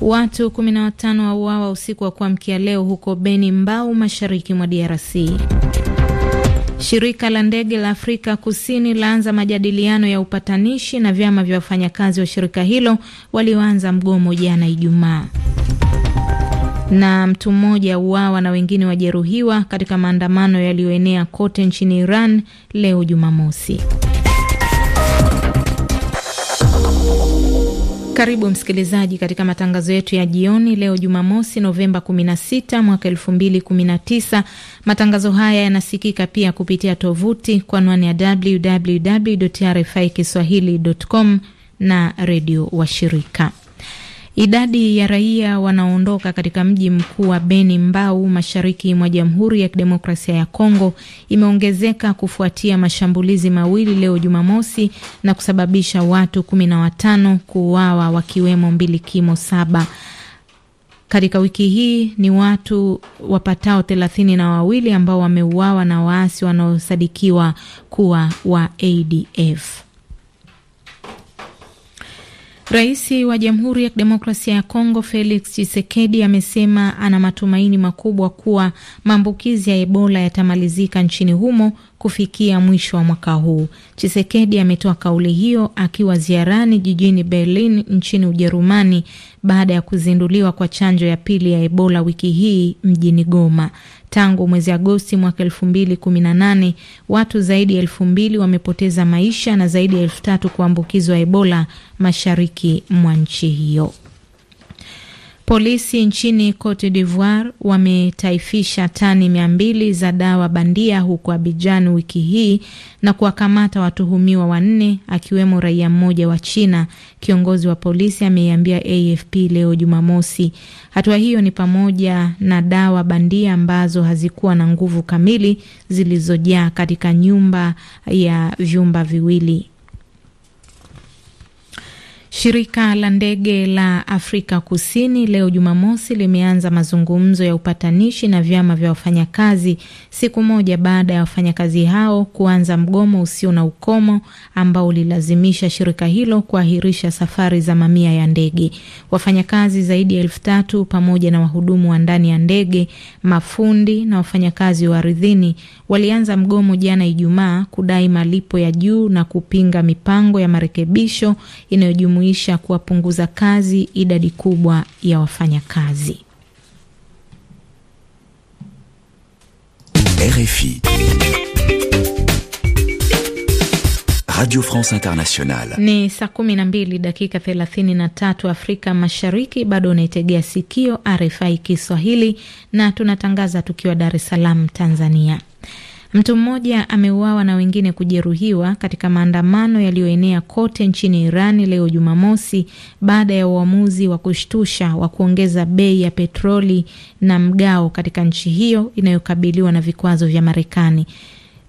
Watu 15 wauawa usiku wa kuamkia leo huko Beni Mbau, mashariki mwa DRC. Shirika la ndege la Afrika Kusini laanza majadiliano ya upatanishi na vyama vya wafanyakazi wa shirika hilo walioanza mgomo jana Ijumaa. Na mtu mmoja uawa na wengine wajeruhiwa katika maandamano yaliyoenea kote nchini Iran leo Jumamosi. Karibu msikilizaji katika matangazo yetu ya jioni leo Jumamosi, Novemba 16 mwaka 2019. Matangazo haya yanasikika pia kupitia tovuti kwa anwani ya www RFI kiswahili.com na redio washirika Idadi ya raia wanaoondoka katika mji mkuu wa Beni Mbau, mashariki mwa Jamhuri ya Kidemokrasia ya Kongo imeongezeka kufuatia mashambulizi mawili leo Jumamosi na kusababisha watu kumi na watano kuuawa wakiwemo mbilikimo saba. Katika wiki hii ni watu wapatao thelathini na wawili ambao wameuawa na waasi wanaosadikiwa kuwa wa ADF. Rais wa Jamhuri ya Kidemokrasia ya Kongo Felix Tshisekedi amesema ana matumaini makubwa kuwa maambukizi ya Ebola yatamalizika nchini humo kufikia mwisho wa mwaka huu. Chisekedi ametoa kauli hiyo akiwa ziarani jijini Berlin nchini Ujerumani baada ya kuzinduliwa kwa chanjo ya pili ya Ebola wiki hii mjini Goma. Tangu mwezi Agosti mwaka elfu mbili kumi na nane watu zaidi ya elfu mbili wamepoteza maisha na zaidi ya elfu tatu kuambukizwa Ebola mashariki mwa nchi hiyo. Polisi nchini Cote d'Ivoire wametaifisha tani mia mbili za dawa bandia huko Abidjan wiki hii na kuwakamata watuhumiwa wanne akiwemo raia mmoja wa China. Kiongozi wa polisi ameiambia AFP leo Jumamosi. Hatua hiyo ni pamoja na dawa bandia ambazo hazikuwa na nguvu kamili zilizojaa katika nyumba ya vyumba viwili. Shirika la ndege la Afrika Kusini leo Jumamosi limeanza mazungumzo ya upatanishi na vyama vya wafanyakazi siku moja baada ya wafanyakazi hao kuanza mgomo usio na ukomo ambao ulilazimisha shirika hilo kuahirisha safari za mamia ya ndege. Wafanyakazi zaidi ya elfu tatu pamoja na wahudumu wa ndani ya ndege, mafundi na wafanyakazi wa ardhini walianza mgomo jana Ijumaa kudai malipo ya juu na kupinga mipango ya marekebisho inayojumuisha inajumuisha kuwapunguza kazi idadi kubwa ya wafanyakazi. RFI Radio France Internationale. Ni saa 12 dakika 33 Afrika Mashariki, bado unaitegea sikio RFI Kiswahili na tunatangaza tukiwa Dar es Salaam, Tanzania. Mtu mmoja ameuawa na wengine kujeruhiwa katika maandamano yaliyoenea kote nchini Irani leo Jumamosi baada ya uamuzi wa kushtusha wa kuongeza bei ya petroli na mgao katika nchi hiyo inayokabiliwa na vikwazo vya Marekani.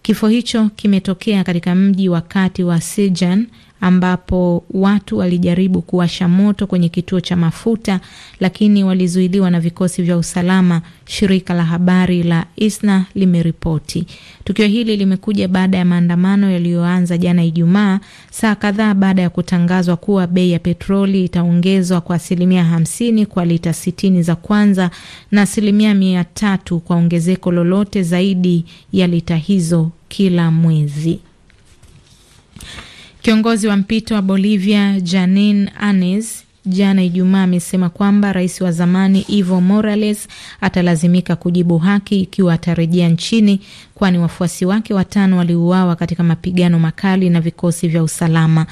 Kifo hicho kimetokea katika mji wa kati wa Sijan ambapo watu walijaribu kuwasha moto kwenye kituo cha mafuta lakini walizuiliwa na vikosi vya usalama, shirika la habari la ISNA limeripoti. Tukio hili limekuja baada ya maandamano yaliyoanza jana Ijumaa, saa kadhaa baada ya kutangazwa kuwa bei ya petroli itaongezwa kwa asilimia hamsini kwa lita sitini za kwanza na asilimia mia tatu kwa ongezeko lolote zaidi ya lita hizo kila mwezi. Kiongozi wa mpito wa Bolivia Janin Anes jana Ijumaa amesema kwamba rais wa zamani Evo Morales atalazimika kujibu haki ikiwa atarejea nchini, kwani wafuasi wake watano waliuawa katika mapigano makali na vikosi vya usalama.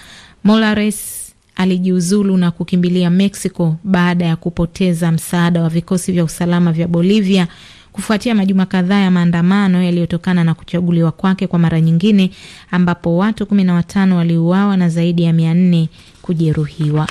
Morales alijiuzulu na kukimbilia Mexico baada ya kupoteza msaada wa vikosi vya usalama vya Bolivia kufuatia majuma kadhaa ya maandamano yaliyotokana na kuchaguliwa kwake kwa mara nyingine, ambapo watu kumi na watano waliuawa na zaidi ya mia nne kujeruhiwa.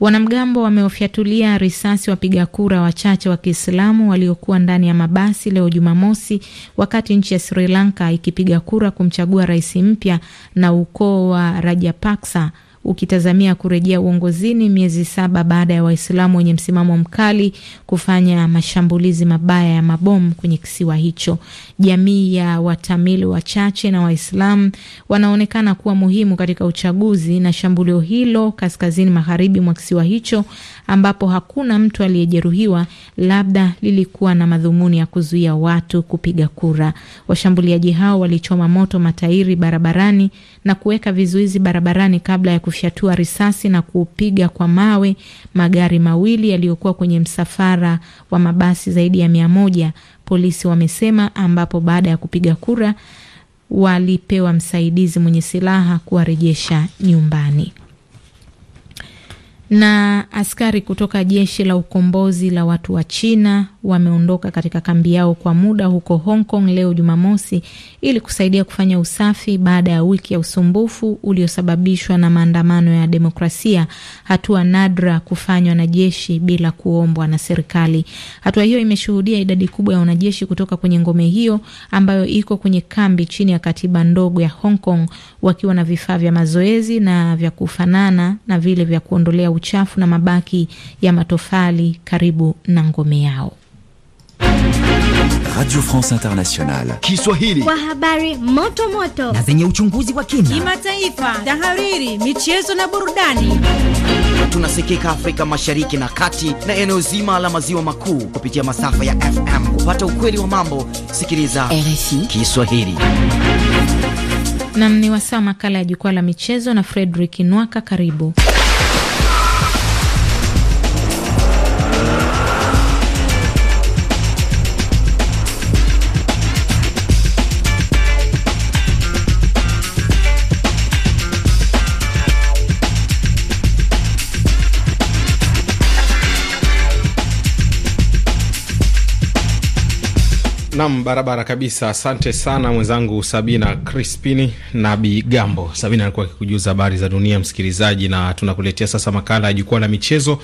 Wanamgambo wamewafyatulia risasi wapiga kura wachache wa Kiislamu waliokuwa ndani ya mabasi leo Jumamosi, wakati nchi ya Sri Lanka ikipiga kura kumchagua rais mpya na ukoo wa Rajapaksa ukitazamia kurejea uongozini miezi saba baada ya Waislamu wenye msimamo mkali kufanya mashambulizi mabaya ya mabomu kwenye kisiwa hicho. Jamii ya Watamili wachache na Waislamu wanaonekana kuwa muhimu katika uchaguzi, na shambulio hilo kaskazini magharibi mwa kisiwa hicho ambapo hakuna mtu aliyejeruhiwa, labda lilikuwa na madhumuni ya kuzuia watu kupiga kura. Washambuliaji hao walichoma moto matairi barabarani na kuweka vizuizi barabarani kabla ya kufyatua risasi na kupiga kwa mawe magari mawili yaliyokuwa kwenye msafara wa mabasi zaidi ya mia moja, polisi wamesema, ambapo baada ya kupiga kura walipewa msaidizi mwenye silaha kuwarejesha nyumbani na askari kutoka jeshi la ukombozi la watu wa China wameondoka katika kambi yao kwa muda huko Hong Kong leo Jumamosi ili kusaidia kufanya usafi baada ya wiki ya usumbufu uliosababishwa na maandamano ya demokrasia, hatua nadra kufanywa na jeshi bila kuombwa na serikali. Hatua hiyo imeshuhudia idadi kubwa ya wanajeshi kutoka kwenye ngome hiyo ambayo iko kwenye kambi chini ya katiba ndogo ya Hong Kong, wakiwa na vifaa vya mazoezi na vya kufanana na vile vya kuondolea uchafu na mabaki ya matofali karibu na ngome yao. Radio France Internationale. Kiswahili. Kwa habari moto moto na zenye uchunguzi wa kina, kimataifa, tahariri, michezo na burudani. Tunasikika Afrika Mashariki na Kati na eneo zima la maziwa makuu kupitia masafa ya FM. Kupata ukweli wa mambo, sikiliza RFI Kiswahili. Nam ni wasaa makala ya jukwaa la michezo na Fredrick Nwaka, karibu. Nam, barabara kabisa. Asante sana mwenzangu Sabina Crispini na Bigambo. Sabina alikuwa akikujuza habari za dunia, msikilizaji, na tunakuletea sasa makala ya jukwaa la michezo,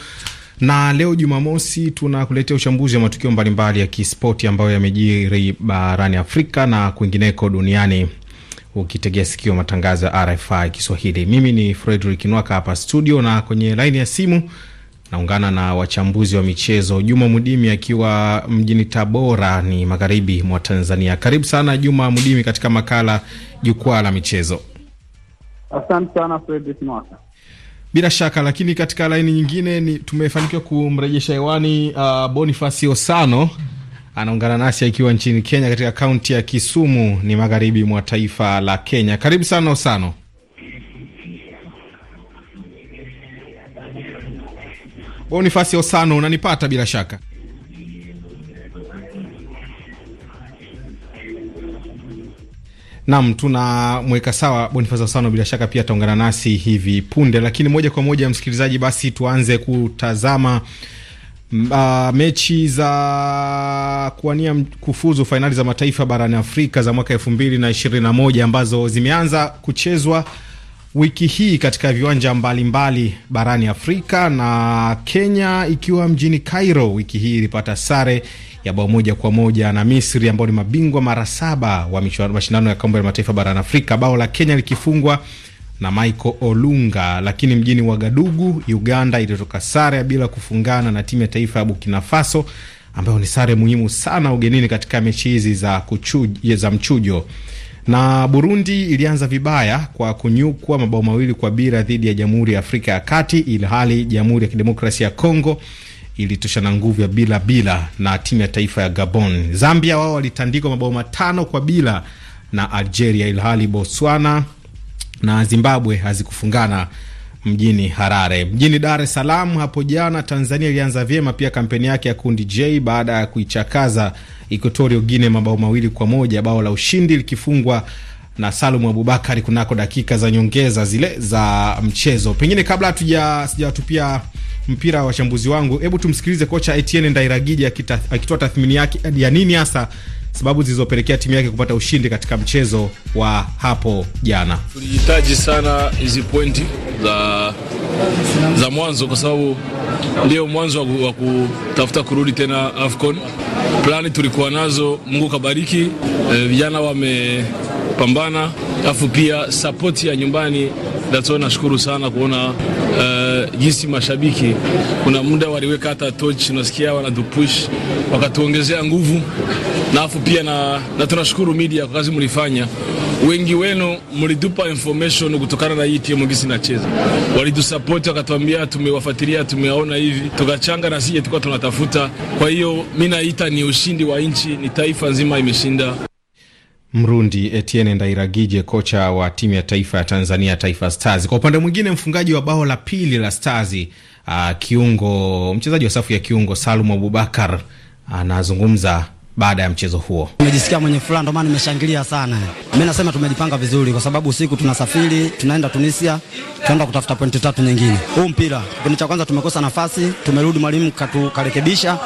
na leo Jumamosi tunakuletea uchambuzi wa matukio mbalimbali ya kispoti ambayo yamejiri barani Afrika na kwingineko duniani, ukitegea sikio matangazo ya RFI Kiswahili. Mimi ni Fredrick Nwaka hapa studio, na kwenye laini ya simu Naungana na wachambuzi wa michezo Juma Mudimi akiwa mjini Tabora ni magharibi mwa Tanzania. Karibu sana Juma Mudimi katika makala jukwaa la michezo. Asante sana Fredrick Nwaka. Bila shaka lakini, katika laini nyingine ni tumefanikiwa kumrejesha hewani uh, Bonifasi Osano anaungana nasi akiwa nchini Kenya, katika kaunti ya Kisumu ni magharibi mwa taifa la Kenya. Karibu sana Osano. Bonifasi Osano, unanipata bila shaka? Nam, tunamweka sawa Bonifasi Osano, bila shaka pia ataungana nasi hivi punde, lakini moja kwa moja msikilizaji, basi tuanze kutazama Uh, mechi za kuwania kufuzu fainali za mataifa barani Afrika za mwaka elfu mbili na ishirini na moja ambazo zimeanza kuchezwa wiki hii katika viwanja mbalimbali mbali barani Afrika na Kenya ikiwa mjini Cairo wiki hii ilipata sare ya bao moja kwa moja na Misri ambao ni mabingwa mara saba wa mashindano ya kombe la mataifa barani Afrika, bao la Kenya likifungwa na Michael Olunga. Lakini mjini Wagadugu, Uganda, ilitoka sare bila kufungana na timu ya taifa ya Burkina Faso ambayo ni sare muhimu sana ugenini katika mechi hizi za, za mchujo. Na Burundi ilianza vibaya kwa kunyukwa mabao mawili kwa bila dhidi ya Jamhuri ya Afrika ya Kati, ilhali Jamhuri ya Kidemokrasia ya Kongo ilitoshana nguvu ya bila bila na timu ya taifa ya Gabon. Zambia wao walitandikwa mabao matano kwa bila na Algeria, ilhali Botswana na Zimbabwe hazikufungana mjini Harare. Mjini Dar es Salaam hapo jana, Tanzania ilianza vyema pia kampeni yake ya kundi J baada ya kuichakaza Equatorial Guinea mabao mawili kwa moja, bao la ushindi likifungwa na Salumu abubakar kunako dakika za nyongeza zile za mchezo. Pengine kabla hatuja sijawatupia mpira wa wachambuzi wangu, hebu tumsikilize kocha Etienne ndairagiji akitoa tathmini yake ya nini hasa sababu zilizopelekea timu yake kupata ushindi katika mchezo wa hapo jana. Tulihitaji sana hizi pointi za, za mwanzo kwa sababu ndio mwanzo wa kutafuta kurudi tena AFCON. Plani tulikuwa nazo, Mungu kabariki, eh, vijana e, wame kupambana, alafu pia support ya nyumbani. Dato, nashukuru sana kuona uh, jinsi mashabiki kuna muda waliweka hata torch, unasikia wanatupush wakatuongezea nguvu, na alafu pia na, na tunashukuru media kwa kazi mlifanya wengi wenu mlitupa information kutokana na hii timu ngisi nacheza, walitusupport wakatuambia, tumewafuatilia tumewaona hivi, tukachanga na sije tulikuwa tunatafuta. Kwa hiyo mimi naita ni ushindi wa nchi, ni taifa nzima imeshinda Mrundi Etienne Ndairagije, kocha wa timu ya taifa ya Tanzania, Taifa Stars. Kwa upande mwingine, mfungaji wa bao la pili la Stars, ah, kiungo mchezaji wa safu ya kiungo Salum Abubakar anazungumza baada ya mchezo huo. Nimejisikia mwenye furaha, ndio maana nimeshangilia sana. Mimi nasema tumejipanga vizuri, kwa sababu usiku tunasafiri, tunaenda Tunisia, tunaenda kutafuta pointi tatu nyingine. Huu mpira kipindi cha kwanza tumekosa nafasi, tumerudi mwalimu katukarekebisha,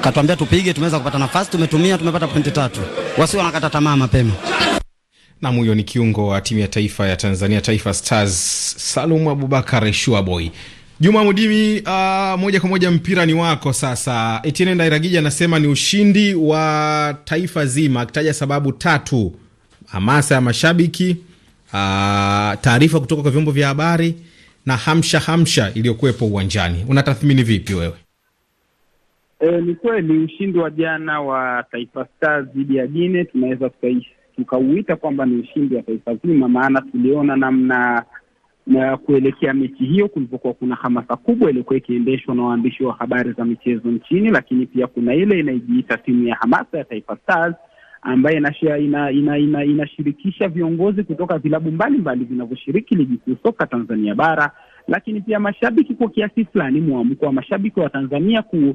katuambia tupige, tumeweza kupata nafasi, tumetumia, tumepata pointi tatu. Wasi wanakata tamaa mapema. Nam, huyo ni kiungo wa timu ya taifa ya Tanzania, Taifa Stars, Salum Abubakar Shuaboy. Juma Mudimi, uh, moja kwa moja mpira ni wako sasa. Etienne Ndairagiji anasema ni ushindi wa taifa zima, akitaja sababu tatu: hamasa ya mashabiki, uh, taarifa kutoka kwa vyombo vya habari na hamsha hamsha iliyokuwepo uwanjani. Unatathmini vipi wewe? E, ni kweli ushindi wa jana wa Taifa Stars dhidi ya Gine tunaweza tukauita kwamba ni ushindi wa taifa zima, maana tuliona namna na kuelekea mechi hiyo kulipokuwa kuna hamasa kubwa iliyokuwa ikiendeshwa na waandishi wa habari za michezo nchini, lakini pia kuna ile inayojiita timu ya hamasa ya Taifa Stars ambaye inashirikisha ina, ina, ina viongozi kutoka vilabu mbalimbali vinavyoshiriki ligi kuu soka Tanzania bara, lakini pia mashabiki kwa kiasi fulani, mwamko wa mashabiki wa Tanzania ku,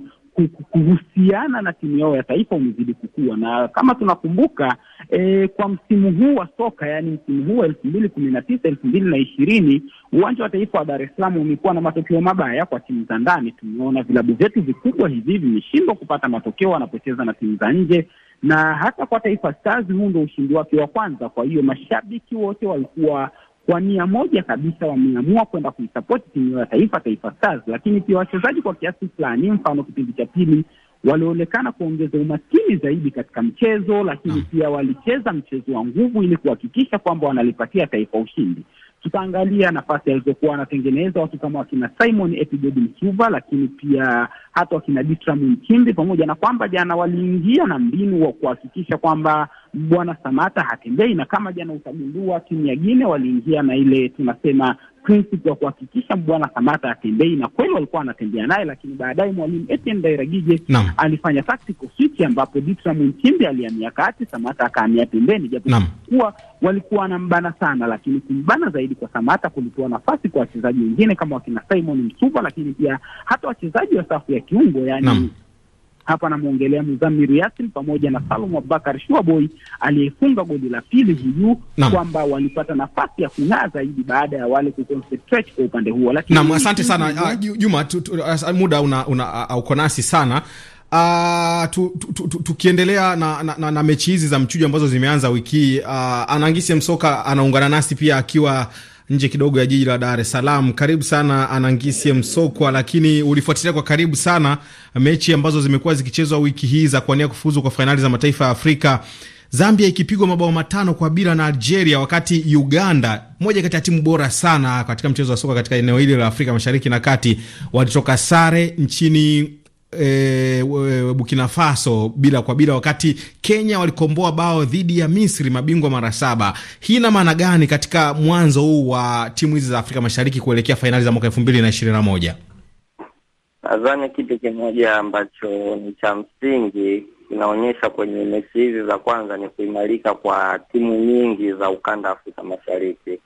kuhusiana na timu yao ya taifa umezidi kukua, na kama tunakumbuka e, kwa msimu huu wa soka, yaani msimu huu wa elfu mbili kumi na tisa elfu mbili na ishirini uwanja wa taifa wa Dar es Salaam umekuwa na matokeo mabaya kwa timu za ndani. Tumeona vilabu vyetu vikubwa hivi vimeshindwa kupata matokeo wanapocheza na timu za nje, na hata kwa Taifa Stars huu ndo ushindi wake wa kwanza. Kwa hiyo mashabiki wote walikuwa kwa nia moja kabisa wameamua kwenda kuisapoti timu ya taifa, Taifa Stars. Lakini pia wachezaji kwa kiasi fulani, mfano kipindi cha pili, walionekana kuongeza umakini zaidi katika mchezo, lakini hmm. pia walicheza mchezo wa nguvu ili kuhakikisha kwamba wanalipatia taifa ushindi tutaangalia nafasi alizokuwa wanatengeneza watu kama wakina Simon Epigodi Msuva, lakini pia hata wakina Distram Mkimbi, pamoja na kwamba jana waliingia na mbinu wa kuhakikisha kwamba bwana Samata hatembei, na kama jana utagundua timu ya Gine waliingia na ile tunasema principle ya kuhakikisha Bwana Samata atembei, na kweli walikuwa anatembea naye, lakini baadaye mwalimu Etienne Dairagije alifanya tactical switch, ambapo Dixon Mchimbi aliamia kati, Samata akaamia pembeni, japo kuwa walikuwa wanambana sana, lakini kumbana zaidi kwa Samata kulitoa nafasi kwa wachezaji wengine kama wakina Simon Msuva, lakini pia hata wachezaji wa safu ya kiungo yani Nam. Hapa anamwongelea Muzamir Yasin pamoja na Salum Abubakar Shuaboy aliyefunga goli la pili huyu, kwamba walipata nafasi ya kung'aa zaidi baada ya wale kuconcentrate kwa upande huo. Lakini asante sana ah, Juma, muda una, una, uh, uko nasi sana. Uh, ah, tukiendelea tu, tu, tu, na, na, na mechi hizi za mchujo ambazo zimeanza wiki hii uh, ah, Anangisi Msoka anaungana nasi pia akiwa nje kidogo ya jiji la Dar es Salaam. Karibu sana Anangisie Msokwa, lakini ulifuatilia kwa karibu sana mechi ambazo zimekuwa zikichezwa wiki hii za kuania kufuzu kwa fainali za mataifa ya Afrika. Zambia ikipigwa mabao matano kwa bila na Algeria, wakati Uganda, moja kati ya timu bora sana katika mchezo wa soka katika eneo hili la Afrika Mashariki na Kati, walitoka sare nchini e, Burkina Faso bila kwa bila, wakati Kenya walikomboa bao dhidi ya Misri, mabingwa mara saba. Hii ina maana gani katika mwanzo huu wa timu hizi za Afrika Mashariki kuelekea fainali za mwaka elfu mbili na ishirini na moja? Nadhani kitu kimoja ambacho ni cha msingi kinaonyesha kwenye mechi hizi za kwanza ni kuimarika kwa timu nyingi za ukanda Afrika Mashariki.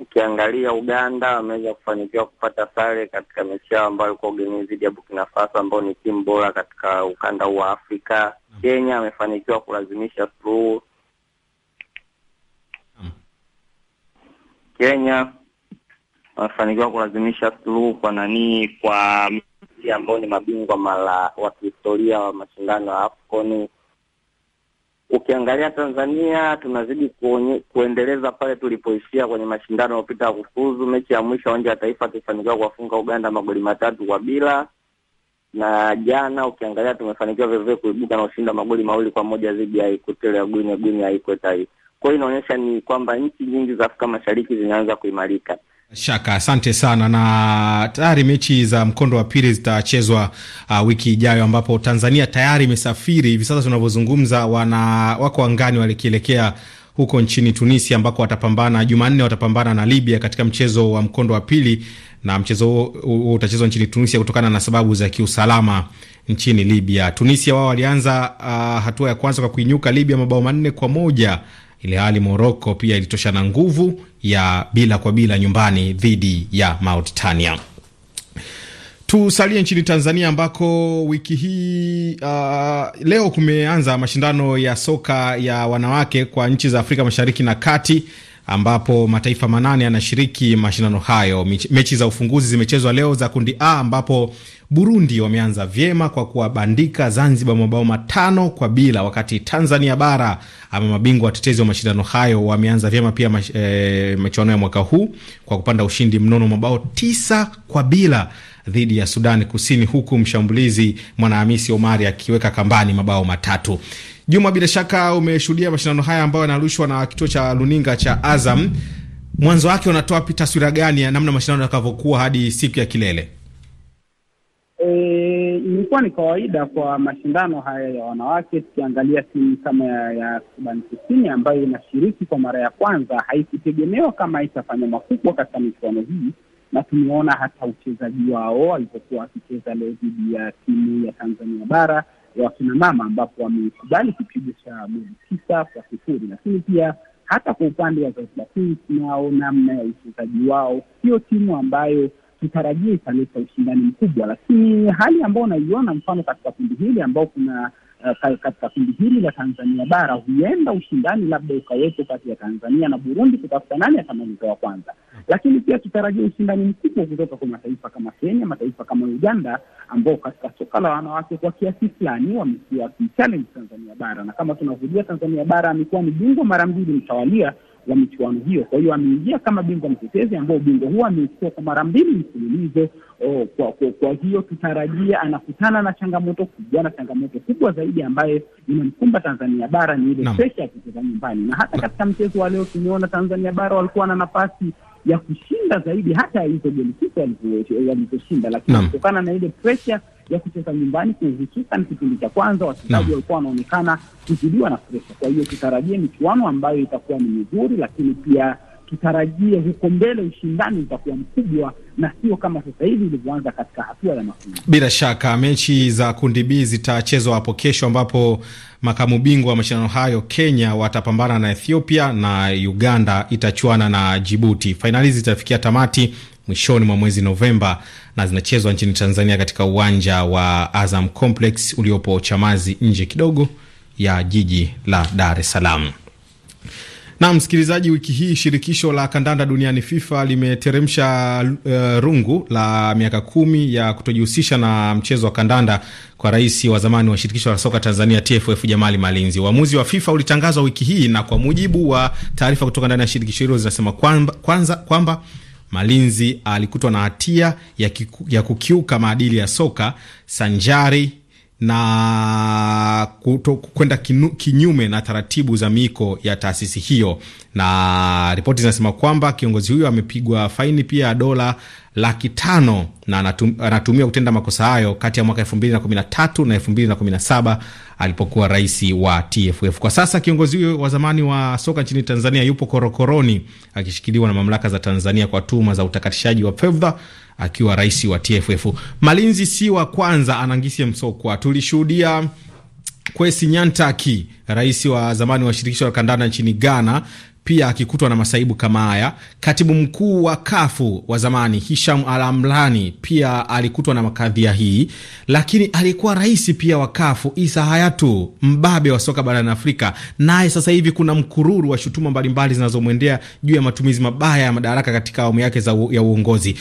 Ukiangalia Uganda wameweza kufanikiwa kupata sare katika mechi yao ambayo ilikuwa ugenini dhidi ya Burkina Faso, ambao ni timu bora katika ukanda huu wa Afrika. Kenya amefanikiwa kulazimisha suluhu Kenya wamefanikiwa kulazimisha suluhu kwa nani, kwa ambao ni mabingwa mara wa kihistoria wa mashindano ya AFCON Ukiangalia Tanzania tunazidi kuonye, kuendeleza pale tulipoishia kwenye mashindano yaliyopita ya kufuzu. Mechi ya mwisho uwanja ya Taifa tufanikiwa kuwafunga Uganda magoli matatu kwa bila, na jana ukiangalia tumefanikiwa vilevile kuibuka na ushinda magoli mawili kwa moja dhidi ya Equatorial Guinea, Guinea ya Ikweta Kwa hiyo inaonyesha ni kwamba nchi nyingi za Afrika Mashariki zinaanza kuimarika. Shaka, asante sana. Na tayari mechi za mkondo wa pili zitachezwa uh, wiki ijayo, ambapo Tanzania tayari imesafiri hivi sasa tunavyozungumza, wana wako angani walikielekea huko nchini Tunisia ambako watapambana Jumanne, watapambana na Libya katika mchezo wa mkondo wa pili, na mchezo huo utachezwa nchini Tunisia kutokana na sababu za kiusalama nchini Libya. Tunisia wao walianza uh, hatua ya kwanza kwa kuinyuka Libya mabao manne kwa moja ile hali Moroko pia ilitoshana nguvu ya bila kwa bila nyumbani dhidi ya Mauritania. Tusalie nchini Tanzania ambako wiki hii uh, leo kumeanza mashindano ya soka ya wanawake kwa nchi za Afrika Mashariki na Kati ambapo mataifa manane yanashiriki mashindano hayo. Mechi za ufunguzi zimechezwa leo za kundi A ambapo Burundi wameanza vyema kwa kuwabandika Zanzibar mabao matano kwa bila, wakati Tanzania bara ama mabingwa watetezi wa mashindano hayo wameanza vyema pia mash, e, michuano ya mwaka huu kwa kupanda ushindi mnono mabao tisa kwa bila dhidi ya Sudani Kusini, huku mshambulizi Mwanahamisi Omari akiweka kambani mabao matatu. Juma, bila shaka umeshuhudia mashindano haya ambayo yanarushwa na kituo cha luninga cha Azam. Mwanzo wake unatoa taswira gani ya namna mashindano yatakavyokuwa hadi siku ya kilele? E, ilikuwa e, ni kawaida kwa mashindano haya ya wanawake, tukiangalia timu kama ya, ya Sudani Kusini ambayo inashiriki kwa mara ya kwanza, haikutegemewa kama itafanya makubwa katika michuano hii, na tumeona hata uchezaji wao alipokuwa wakicheza leo dhidi ya timu ya Tanzania bara ya wakinamama, ambapo wamekubali kipigo cha goli tisa kwa sifuri, lakini pia hata kwa upande wa Zanzibar Queens nao namna ya uchezaji wao, sio timu ambayo tutarajie italeta ushindani mkubwa, lakini hali ambayo unaiona mfano katika kundi hili ambao kuna uh, katika kundi hili la Tanzania bara huenda ushindani labda ukawepo kati ya Tanzania na Burundi kutafuta nani atamaliza wa kwanza, lakini pia tutarajia ushindani mkubwa kutoka kwa mataifa kama Kenya, mataifa kama Uganda ambao katika soka la wanawake kwa kiasi fulani wamekuwa wakichallenge Tanzania bara, na kama tunavyojua Tanzania bara amekuwa ni bingwa mara mbili mtawalia wa michuano hiyo. Kwa hiyo ameingia kama bingwa mtetezi, ambao bingwa huo ameuchukua kwa mara mbili mfululizo. Oh, kwa, kwa, kwa hiyo tutarajia anakutana na changamoto kubwa, na changamoto kubwa zaidi ambayo inamkumba Tanzania bara ni ile presha ya kucheza nyumbani, na hata katika mchezo wa leo tumeona Tanzania bara walikuwa na nafasi ya kushinda zaidi hata hizo goli sita walizoshinda, lakini kutokana na ile presha ya kucheza nyumbani, hususan kipindi cha kwanza wachezaji walikuwa wanaonekana kuzidiwa na presha. Kwa hiyo tutarajie michuano ambayo itakuwa ni mizuri, lakini pia tutarajie huko mbele ushindani utakuwa mkubwa na sio kama sasa hivi ilivyoanza katika hatua ya makundi. Bila shaka mechi za kundi B zitachezwa hapo kesho, ambapo makamu bingwa wa mashindano hayo Kenya watapambana na Ethiopia na Uganda itachuana na Jibuti. Fainali zitafikia tamati mwishoni mwa mwezi Novemba na zinachezwa nchini Tanzania katika uwanja wa Azam Complex uliopo Chamazi, nje kidogo ya jiji la Dar es Salaam. Na msikilizaji, wiki hii shirikisho la kandanda duniani FIFA limeteremsha uh, rungu la miaka kumi ya kutojihusisha na mchezo wa kandanda kwa rais wa zamani wa shirikisho la soka Tanzania TFF Jamali Malinzi. Uamuzi wa FIFA ulitangazwa wiki hii, na kwa mujibu wa taarifa kutoka ndani ya shirikisho hilo zinasema kwamba, kwanza kwamba Malinzi alikutwa na hatia ya, ya kukiuka maadili ya soka sanjari na kwenda kinyume na taratibu za miiko ya taasisi hiyo, na ripoti zinasema kwamba kiongozi huyo amepigwa faini pia ya dola laki tano na anatumiwa kutenda makosa hayo kati ya mwaka elfu mbili na kumi na tatu na elfu mbili na kumi na saba alipokuwa rais wa TFF. Kwa sasa kiongozi huyo wa zamani wa soka nchini Tanzania yupo korokoroni akishikiliwa na mamlaka za Tanzania kwa tuhuma za utakatishaji wa fedha akiwa rais wa TFF. Malinzi si wa kwanza, Anangisie Msokwa tulishuhudia Kwesi Nyantaki, rais wa zamani wa shirikisho la kandanda nchini Ghana, pia akikutwa na masaibu kama haya. Katibu mkuu wa Kafu wa zamani Hisham Alamlani pia alikutwa na makadhia hii, lakini alikuwa rais pia wa Kafu Isa Hayatu, mbabe wa soka barani Afrika, naye sasa hivi kuna mkururu wa shutuma mbalimbali zinazomwendea juu ya matumizi mabaya ya madaraka katika awamu yake ya uongozi.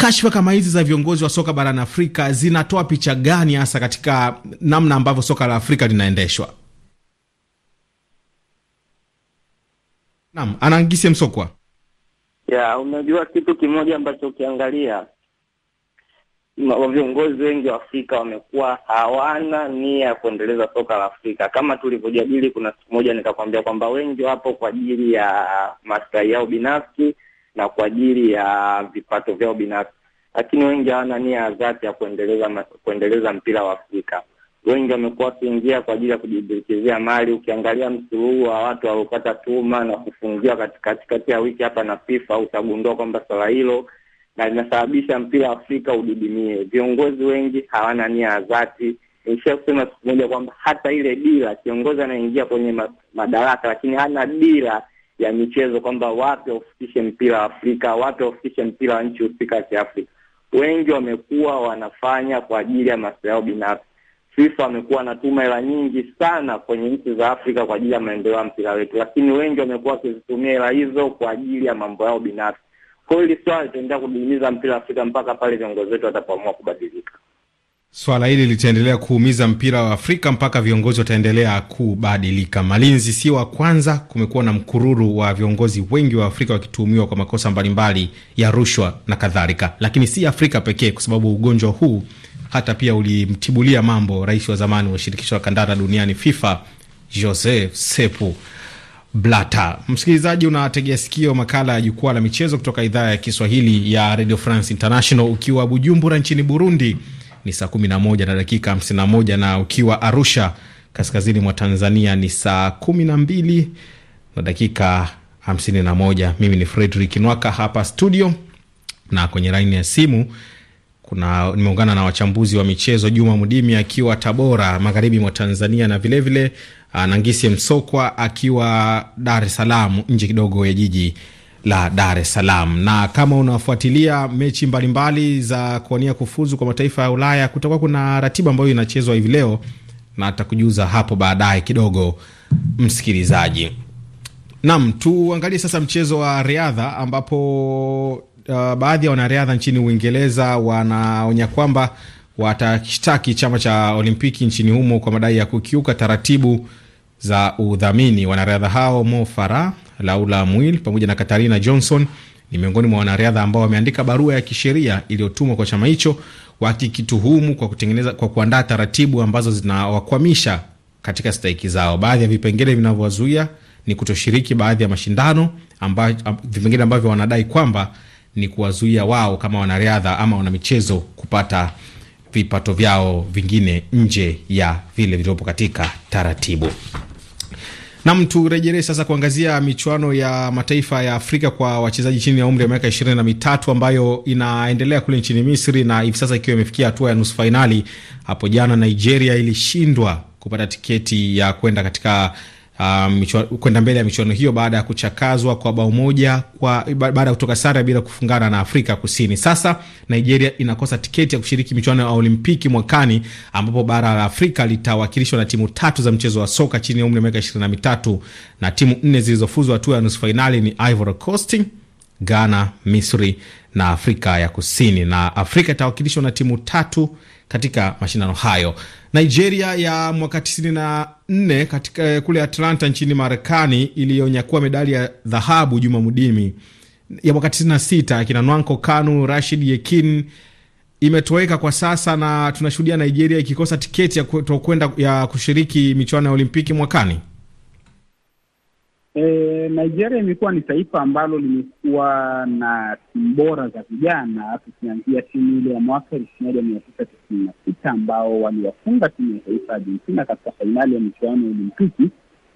Kashfa kama hizi za viongozi wa soka barani Afrika zinatoa picha gani hasa katika namna ambavyo soka la Afrika linaendeshwa? Naam, anaangisie Msokwa. Ya, unajua kitu kimoja ambacho ukiangalia viongozi wengi wa Afrika wamekuwa hawana nia ya kuendeleza soka la Afrika. Kama tulivyojadili, kuna siku moja nikakwambia kwamba wengi wapo kwa ajili ya maslahi yao binafsi na kwa ajili ya vipato vyao binafsi, lakini wengi hawana nia ya dhati ya kuendeleza kuendeleza mpira wa Afrika. Wengi wamekuwa wakiingia kwa ajili ya kujidirikizia mali. Ukiangalia msururu wa watu waliopata tuma na kufungiwa katikati kati ya wiki hapa na FIFA, utagundua kwamba swala hilo na linasababisha mpira wa Afrika udidimie. Viongozi wengi hawana nia ya dhati. Nisha kusema siku moja kwamba hata ile dira, kiongozi anaingia kwenye madaraka, lakini hana dira ya michezo kwamba wape wafikishe mpira wa Afrika, wape wafikishe mpira wa nchi husika ya Kiafrika. Wengi wamekuwa wanafanya kwa ajili ya maslahi yao binafsi. FIFA wamekuwa wanatuma hela nyingi sana kwenye nchi za Afrika kwa ajili ya maendeleo ya mpira wetu, lakini wengi wamekuwa wakizitumia hela hizo kwa ajili ya mambo yao binafsi. Kwa hiyo hili swala litaendelea kudumiza mpira wa Afrika mpaka pale viongozi wetu watapoamua kubadilika. Swala hili litaendelea kuumiza mpira wa Afrika mpaka viongozi wataendelea kubadilika. Malinzi si wa kwanza, kumekuwa na mkururu wa viongozi wengi wa Afrika wakituhumiwa kwa makosa mbalimbali ya rushwa na kadhalika, lakini si Afrika pekee, kwa sababu ugonjwa huu hata pia ulimtibulia mambo rais wa zamani wa shirikisho la kandanda duniani FIFA Jose Sepu Blata. Msikilizaji, unategea sikio makala ya jukwaa la michezo kutoka idhaa ya Kiswahili ya Radio France International ukiwa Bujumbura nchini Burundi ni saa kumi na dakika 51, na ukiwa Arusha kaskazini mwa Tanzania ni saa 12 na dakika 51. Mimi ni Fredrik Nwaka hapa studio, na kwenye laini ya simu kuna nimeungana na wachambuzi wa michezo Juma Mudimi akiwa Tabora magharibi mwa Tanzania na vilevile ah, Nangisi Msokwa akiwa Dar es Salaam nje kidogo ya jiji la Dar es Salaam. Na kama unafuatilia mechi mbalimbali za kuwania kufuzu kwa mataifa ya Ulaya, kutakuwa kuna ratiba ambayo inachezwa hivi leo na atakujuza hapo baadaye kidogo, msikilizaji. Nam, tuangalie sasa mchezo wa riadha ambapo uh, baadhi ya wanariadha nchini Uingereza wanaonya kwamba watashtaki chama cha Olimpiki nchini humo kwa madai ya kukiuka taratibu za udhamini. Wanariadha hao Mo Farah Laura Mwil pamoja na Katarina Johnson ni miongoni mwa wanariadha ambao wameandika barua ya kisheria iliyotumwa kwa chama hicho wakikituhumu kwa kutengeneza, kwa kuandaa taratibu ambazo zinawakwamisha katika stahiki zao. Baadhi ya vipengele vinavyowazuia ni kutoshiriki baadhi ya mashindano amba, vipengele ambavyo wanadai kwamba ni kuwazuia wao kama wanariadha ama wanamichezo kupata vipato vyao vingine nje ya vile vilivyopo katika taratibu. Nam, turejelee sasa kuangazia michuano ya mataifa ya Afrika kwa wachezaji chini ya umri wa miaka ishirini na mitatu ambayo inaendelea kule nchini Misri na hivi sasa ikiwa imefikia hatua ya nusu fainali. Hapo jana Nigeria ilishindwa kupata tiketi ya kwenda katika uh, kwenda mbele ya michuano hiyo baada ya kuchakazwa kwa bao moja kwa baada ya kutoka sare bila kufungana na Afrika Kusini. Sasa Nigeria inakosa tiketi ya kushiriki michuano ya Olimpiki mwakani ambapo bara la Afrika litawakilishwa na timu tatu za mchezo wa soka chini ya umri wa miaka ishirini na mitatu na timu nne zilizofuzwa hatua ya nusu fainali ni Ivory Coast, Ghana, Misri na Afrika ya Kusini, na Afrika itawakilishwa na timu tatu katika mashindano hayo. Nigeria ya mwaka 94 katika eh, kule Atlanta nchini Marekani iliyonyakua medali ya dhahabu Juma Mudimi ya mwaka 96 akina Nwanko Kanu, Rashid Yekin imetoweka kwa sasa, na tunashuhudia Nigeria ikikosa tiketi ya kwenda ya kushiriki michuano ya Olimpiki mwakani. E, Nigeria imekuwa ni taifa ambalo limekuwa na timu bora za vijana, tukianzia timu ile ya mwaka elfu moja mia tisa tisini na sita ambao waliwafunga timu ya taifa ya Argentina katika fainali ya michuano ya Olimpiki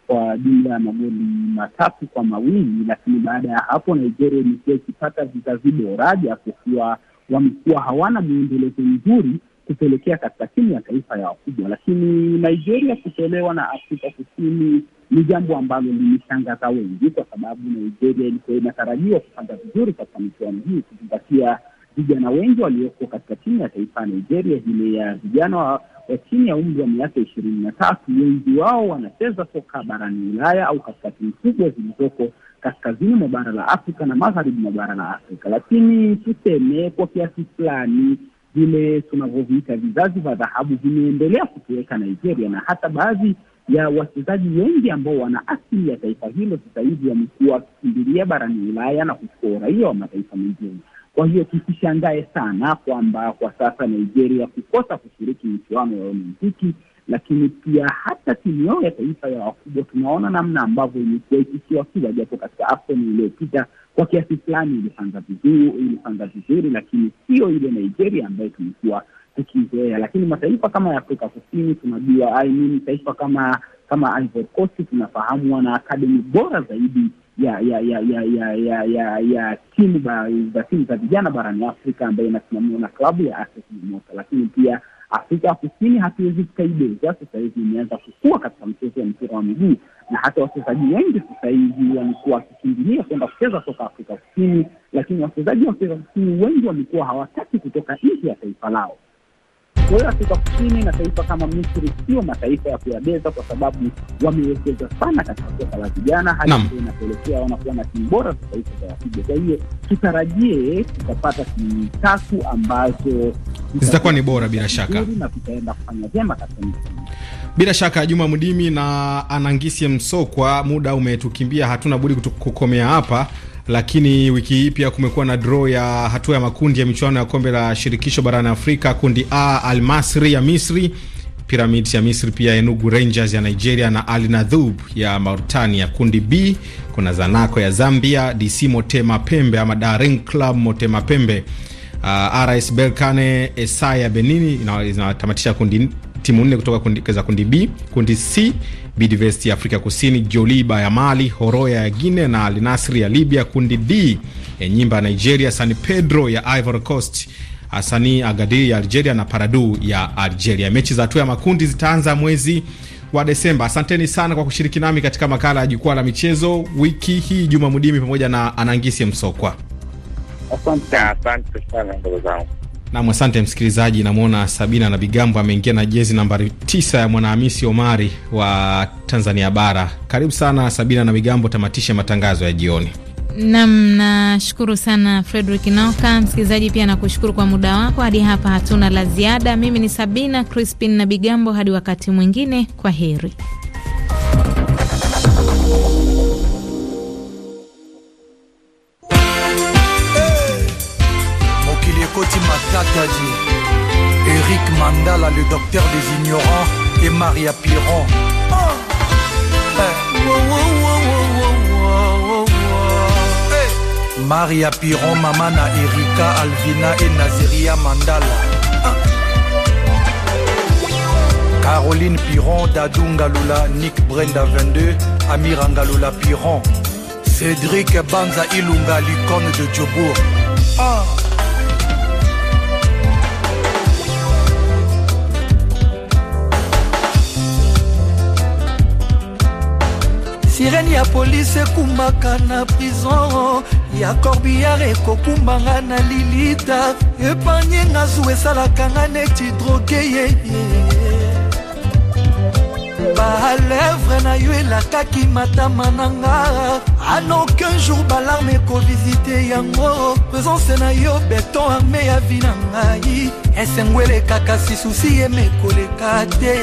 kwa jumla ya magoli matatu kwa mawili. Lakini baada ya hapo Nigeria imekuwa ikipata vizazi bora, japokuwa wamekuwa hawana mwendelezo mzuri kupelekea katika timu ya taifa ya wakubwa. Lakini Nigeria kutolewa na Afrika Kusini ni jambo ambalo limeshangaza wengi, kwa sababu Nigeria ilikuwa inatarajiwa kufanya vizuri katika michuano hii, kuzingatia vijana wengi walioko katika timu ya taifa ya Nigeria ile ya vijana wa chini ya umri wa miaka ishirini na tatu. Wengi wao wanacheza soka barani Ulaya au katika timu kubwa zilizoko kaskazini mwa bara la Afrika na magharibi mwa bara la Afrika, lakini tuseme kwa kiasi fulani vile tunavyoviita vizazi vya dhahabu vimeendelea kutoweka Nigeria na hata baadhi ya wachezaji wengi ambao wana asili ya taifa hilo sasa hivi wamekuwa wakikimbilia barani Ulaya na kuchukua uraia wa mataifa mengine. Kwa hiyo tusishangae sana kwamba kwa sasa Nigeria kukosa kushiriki michuano ya Olimpiki, lakini pia hata timu yao ya taifa ya wakubwa tunaona namna ambavyo imekuwa ikisiwasiwa, japo katika AFCON iliyopita kwa kiasi fulani ilifanga vizuri, vizuri, lakini sio ile Nigeria ambayo tumekuwa tukizoea, lakini mataifa kama ya Afrika Kusini tunajua, I mean, taifa kama kama Ivory Coast tunafahamu wana akademi bora zaidi ya ya ya ya ya ya ya ya timu za timu za vijana barani Afrika ambayo inasimamiwa na klabu ya ASEC Mimosas. Lakini pia Afrika Kusini hatuwezi tukaibeza. Sasa hivi imeanza kukua katika mchezo wa mpira wa miguu, na hata wachezaji wengi sasa hivi wamekuwa wakikimbilia kwenda kucheza toka Afrika Kusini, lakini wachezaji wa Afrika Kusini wengi wamekuwa hawataki kutoka nje ya taifa lao. Kwa Afrika Kusini na taifa kama Misri sio mataifa ya kuyabeza, kwa sababu wamewekeza sana katika soka la vijana, hadi inapelekea wanakuwa na timu bora za taifa za wapiga. Kwa hiyo tutarajie tutapata timu tatu ambazo zitakuwa ni bora bila shaka na tutaenda kufanya vyema katika bila shaka. Juma Mdimi na Anangisie Msokwa, muda umetukimbia, hatuna budi kukomea hapa lakini wiki hii pia kumekuwa na draw ya hatua ya makundi ya michuano ya kombe la shirikisho barani Afrika. Kundi A, Al Masri ya Misri, Pyramids ya Misri, pia Enugu Rangers ya Nigeria na Al Nadhub ya Mauritania. Kundi B kuna Zanaco ya Zambia, DC Motema Pembe ama Daring Club Motema Pembe, uh, RS Berkane Esaya Benini inatamatisha kundi timu nne kutoka kundi, za kundi B. Kundi C, Bidvest ya Afrika Kusini, Joliba ya Mali, Horoya ya Guinea na Al ya Libya. Kundi D, Enyimba eh, ya Nigeria, San Pedro ya Ivory Coast, Asani ah, Agadir ya Algeria na Paradu ya Algeria. Mechi za hatua ya makundi zitaanza mwezi wa Desemba. Asanteni sana kwa kushiriki nami katika makala ya jukwaa la michezo wiki hii. Juma Mudimi pamoja na Anangisi Msokwa. Asante sana ndugu zangu. Nam, asante msikilizaji. Namwona Sabina na Bigambo ameingia na jezi nambari tisa ya Mwanahamisi Omari wa Tanzania Bara. Karibu sana Sabina na Bigambo, tamatishe matangazo ya jioni. Nam, nashukuru sana Frederick Noka. Msikilizaji pia nakushukuru kwa muda wako. Hadi hapa hatuna la ziada. Mimi ni Sabina Crispin na Bigambo, hadi wakati mwingine, kwa heri. Eric Mandala, le docteur des ignorants, et Maria Piron. Maria Piron, Mamana Erika, Alvina et Naziria Mandala. Caroline Piron, Dadou Lula Nick Brenda 22, Amir Piron. Cédric Banza Ilunga, l'icône de Djobourg. Ah. sirene ya polisi ekumaka na prison ya corbillare ekokumbanga na lilita epanye nga zu esalaka nga neti droge yeye balevre na yo elakaki matama na nga anokin jour balarme ekovisite yango presence na yo beton arme ya vi na ngai esengwelekaka sisusi yemekoleka te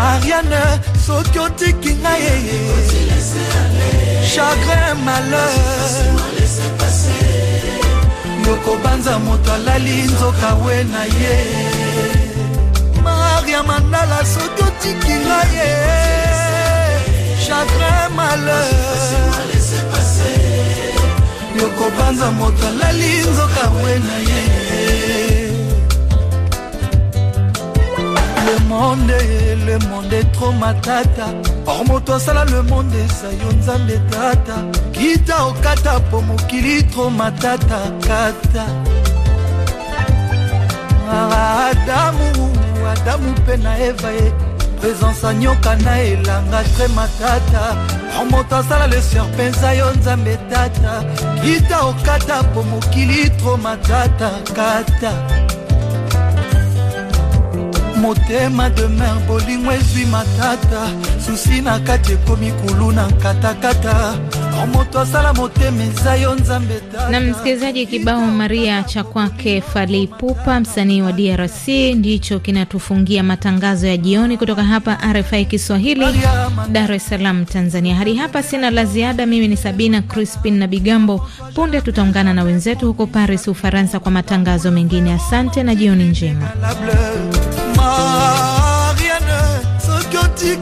Marianne, sokioti kinga yeye chagrin malheur yokobanza moto alali nzoka we na ye maria mandala soki otikinga ye chagrin malheur yokobanza moto alali nzoka we na ye le monde le monde trop matata or sala le monde kita okata oh, mokili matata kata adamu adamu mpe eh. présence na elanga tre matata kita okata oh, po mokili matata kata motema mer bolingo ezwi matata susi na kati ekomi kulu na katakata moto asala motema eza yo nzambe na msikilizaji, kibao Maria cha kwake fali pupa msanii wa DRC, ndicho kinatufungia matangazo ya jioni kutoka hapa RFI Kiswahili, Dar es Salaam, Tanzania. Hadi hapa sina la ziada. Mimi ni Sabina Crispin na Bigambo. Punde tutaungana na wenzetu huko Paris, Ufaransa, kwa matangazo mengine. Asante na jioni njema. Ah, rien ne se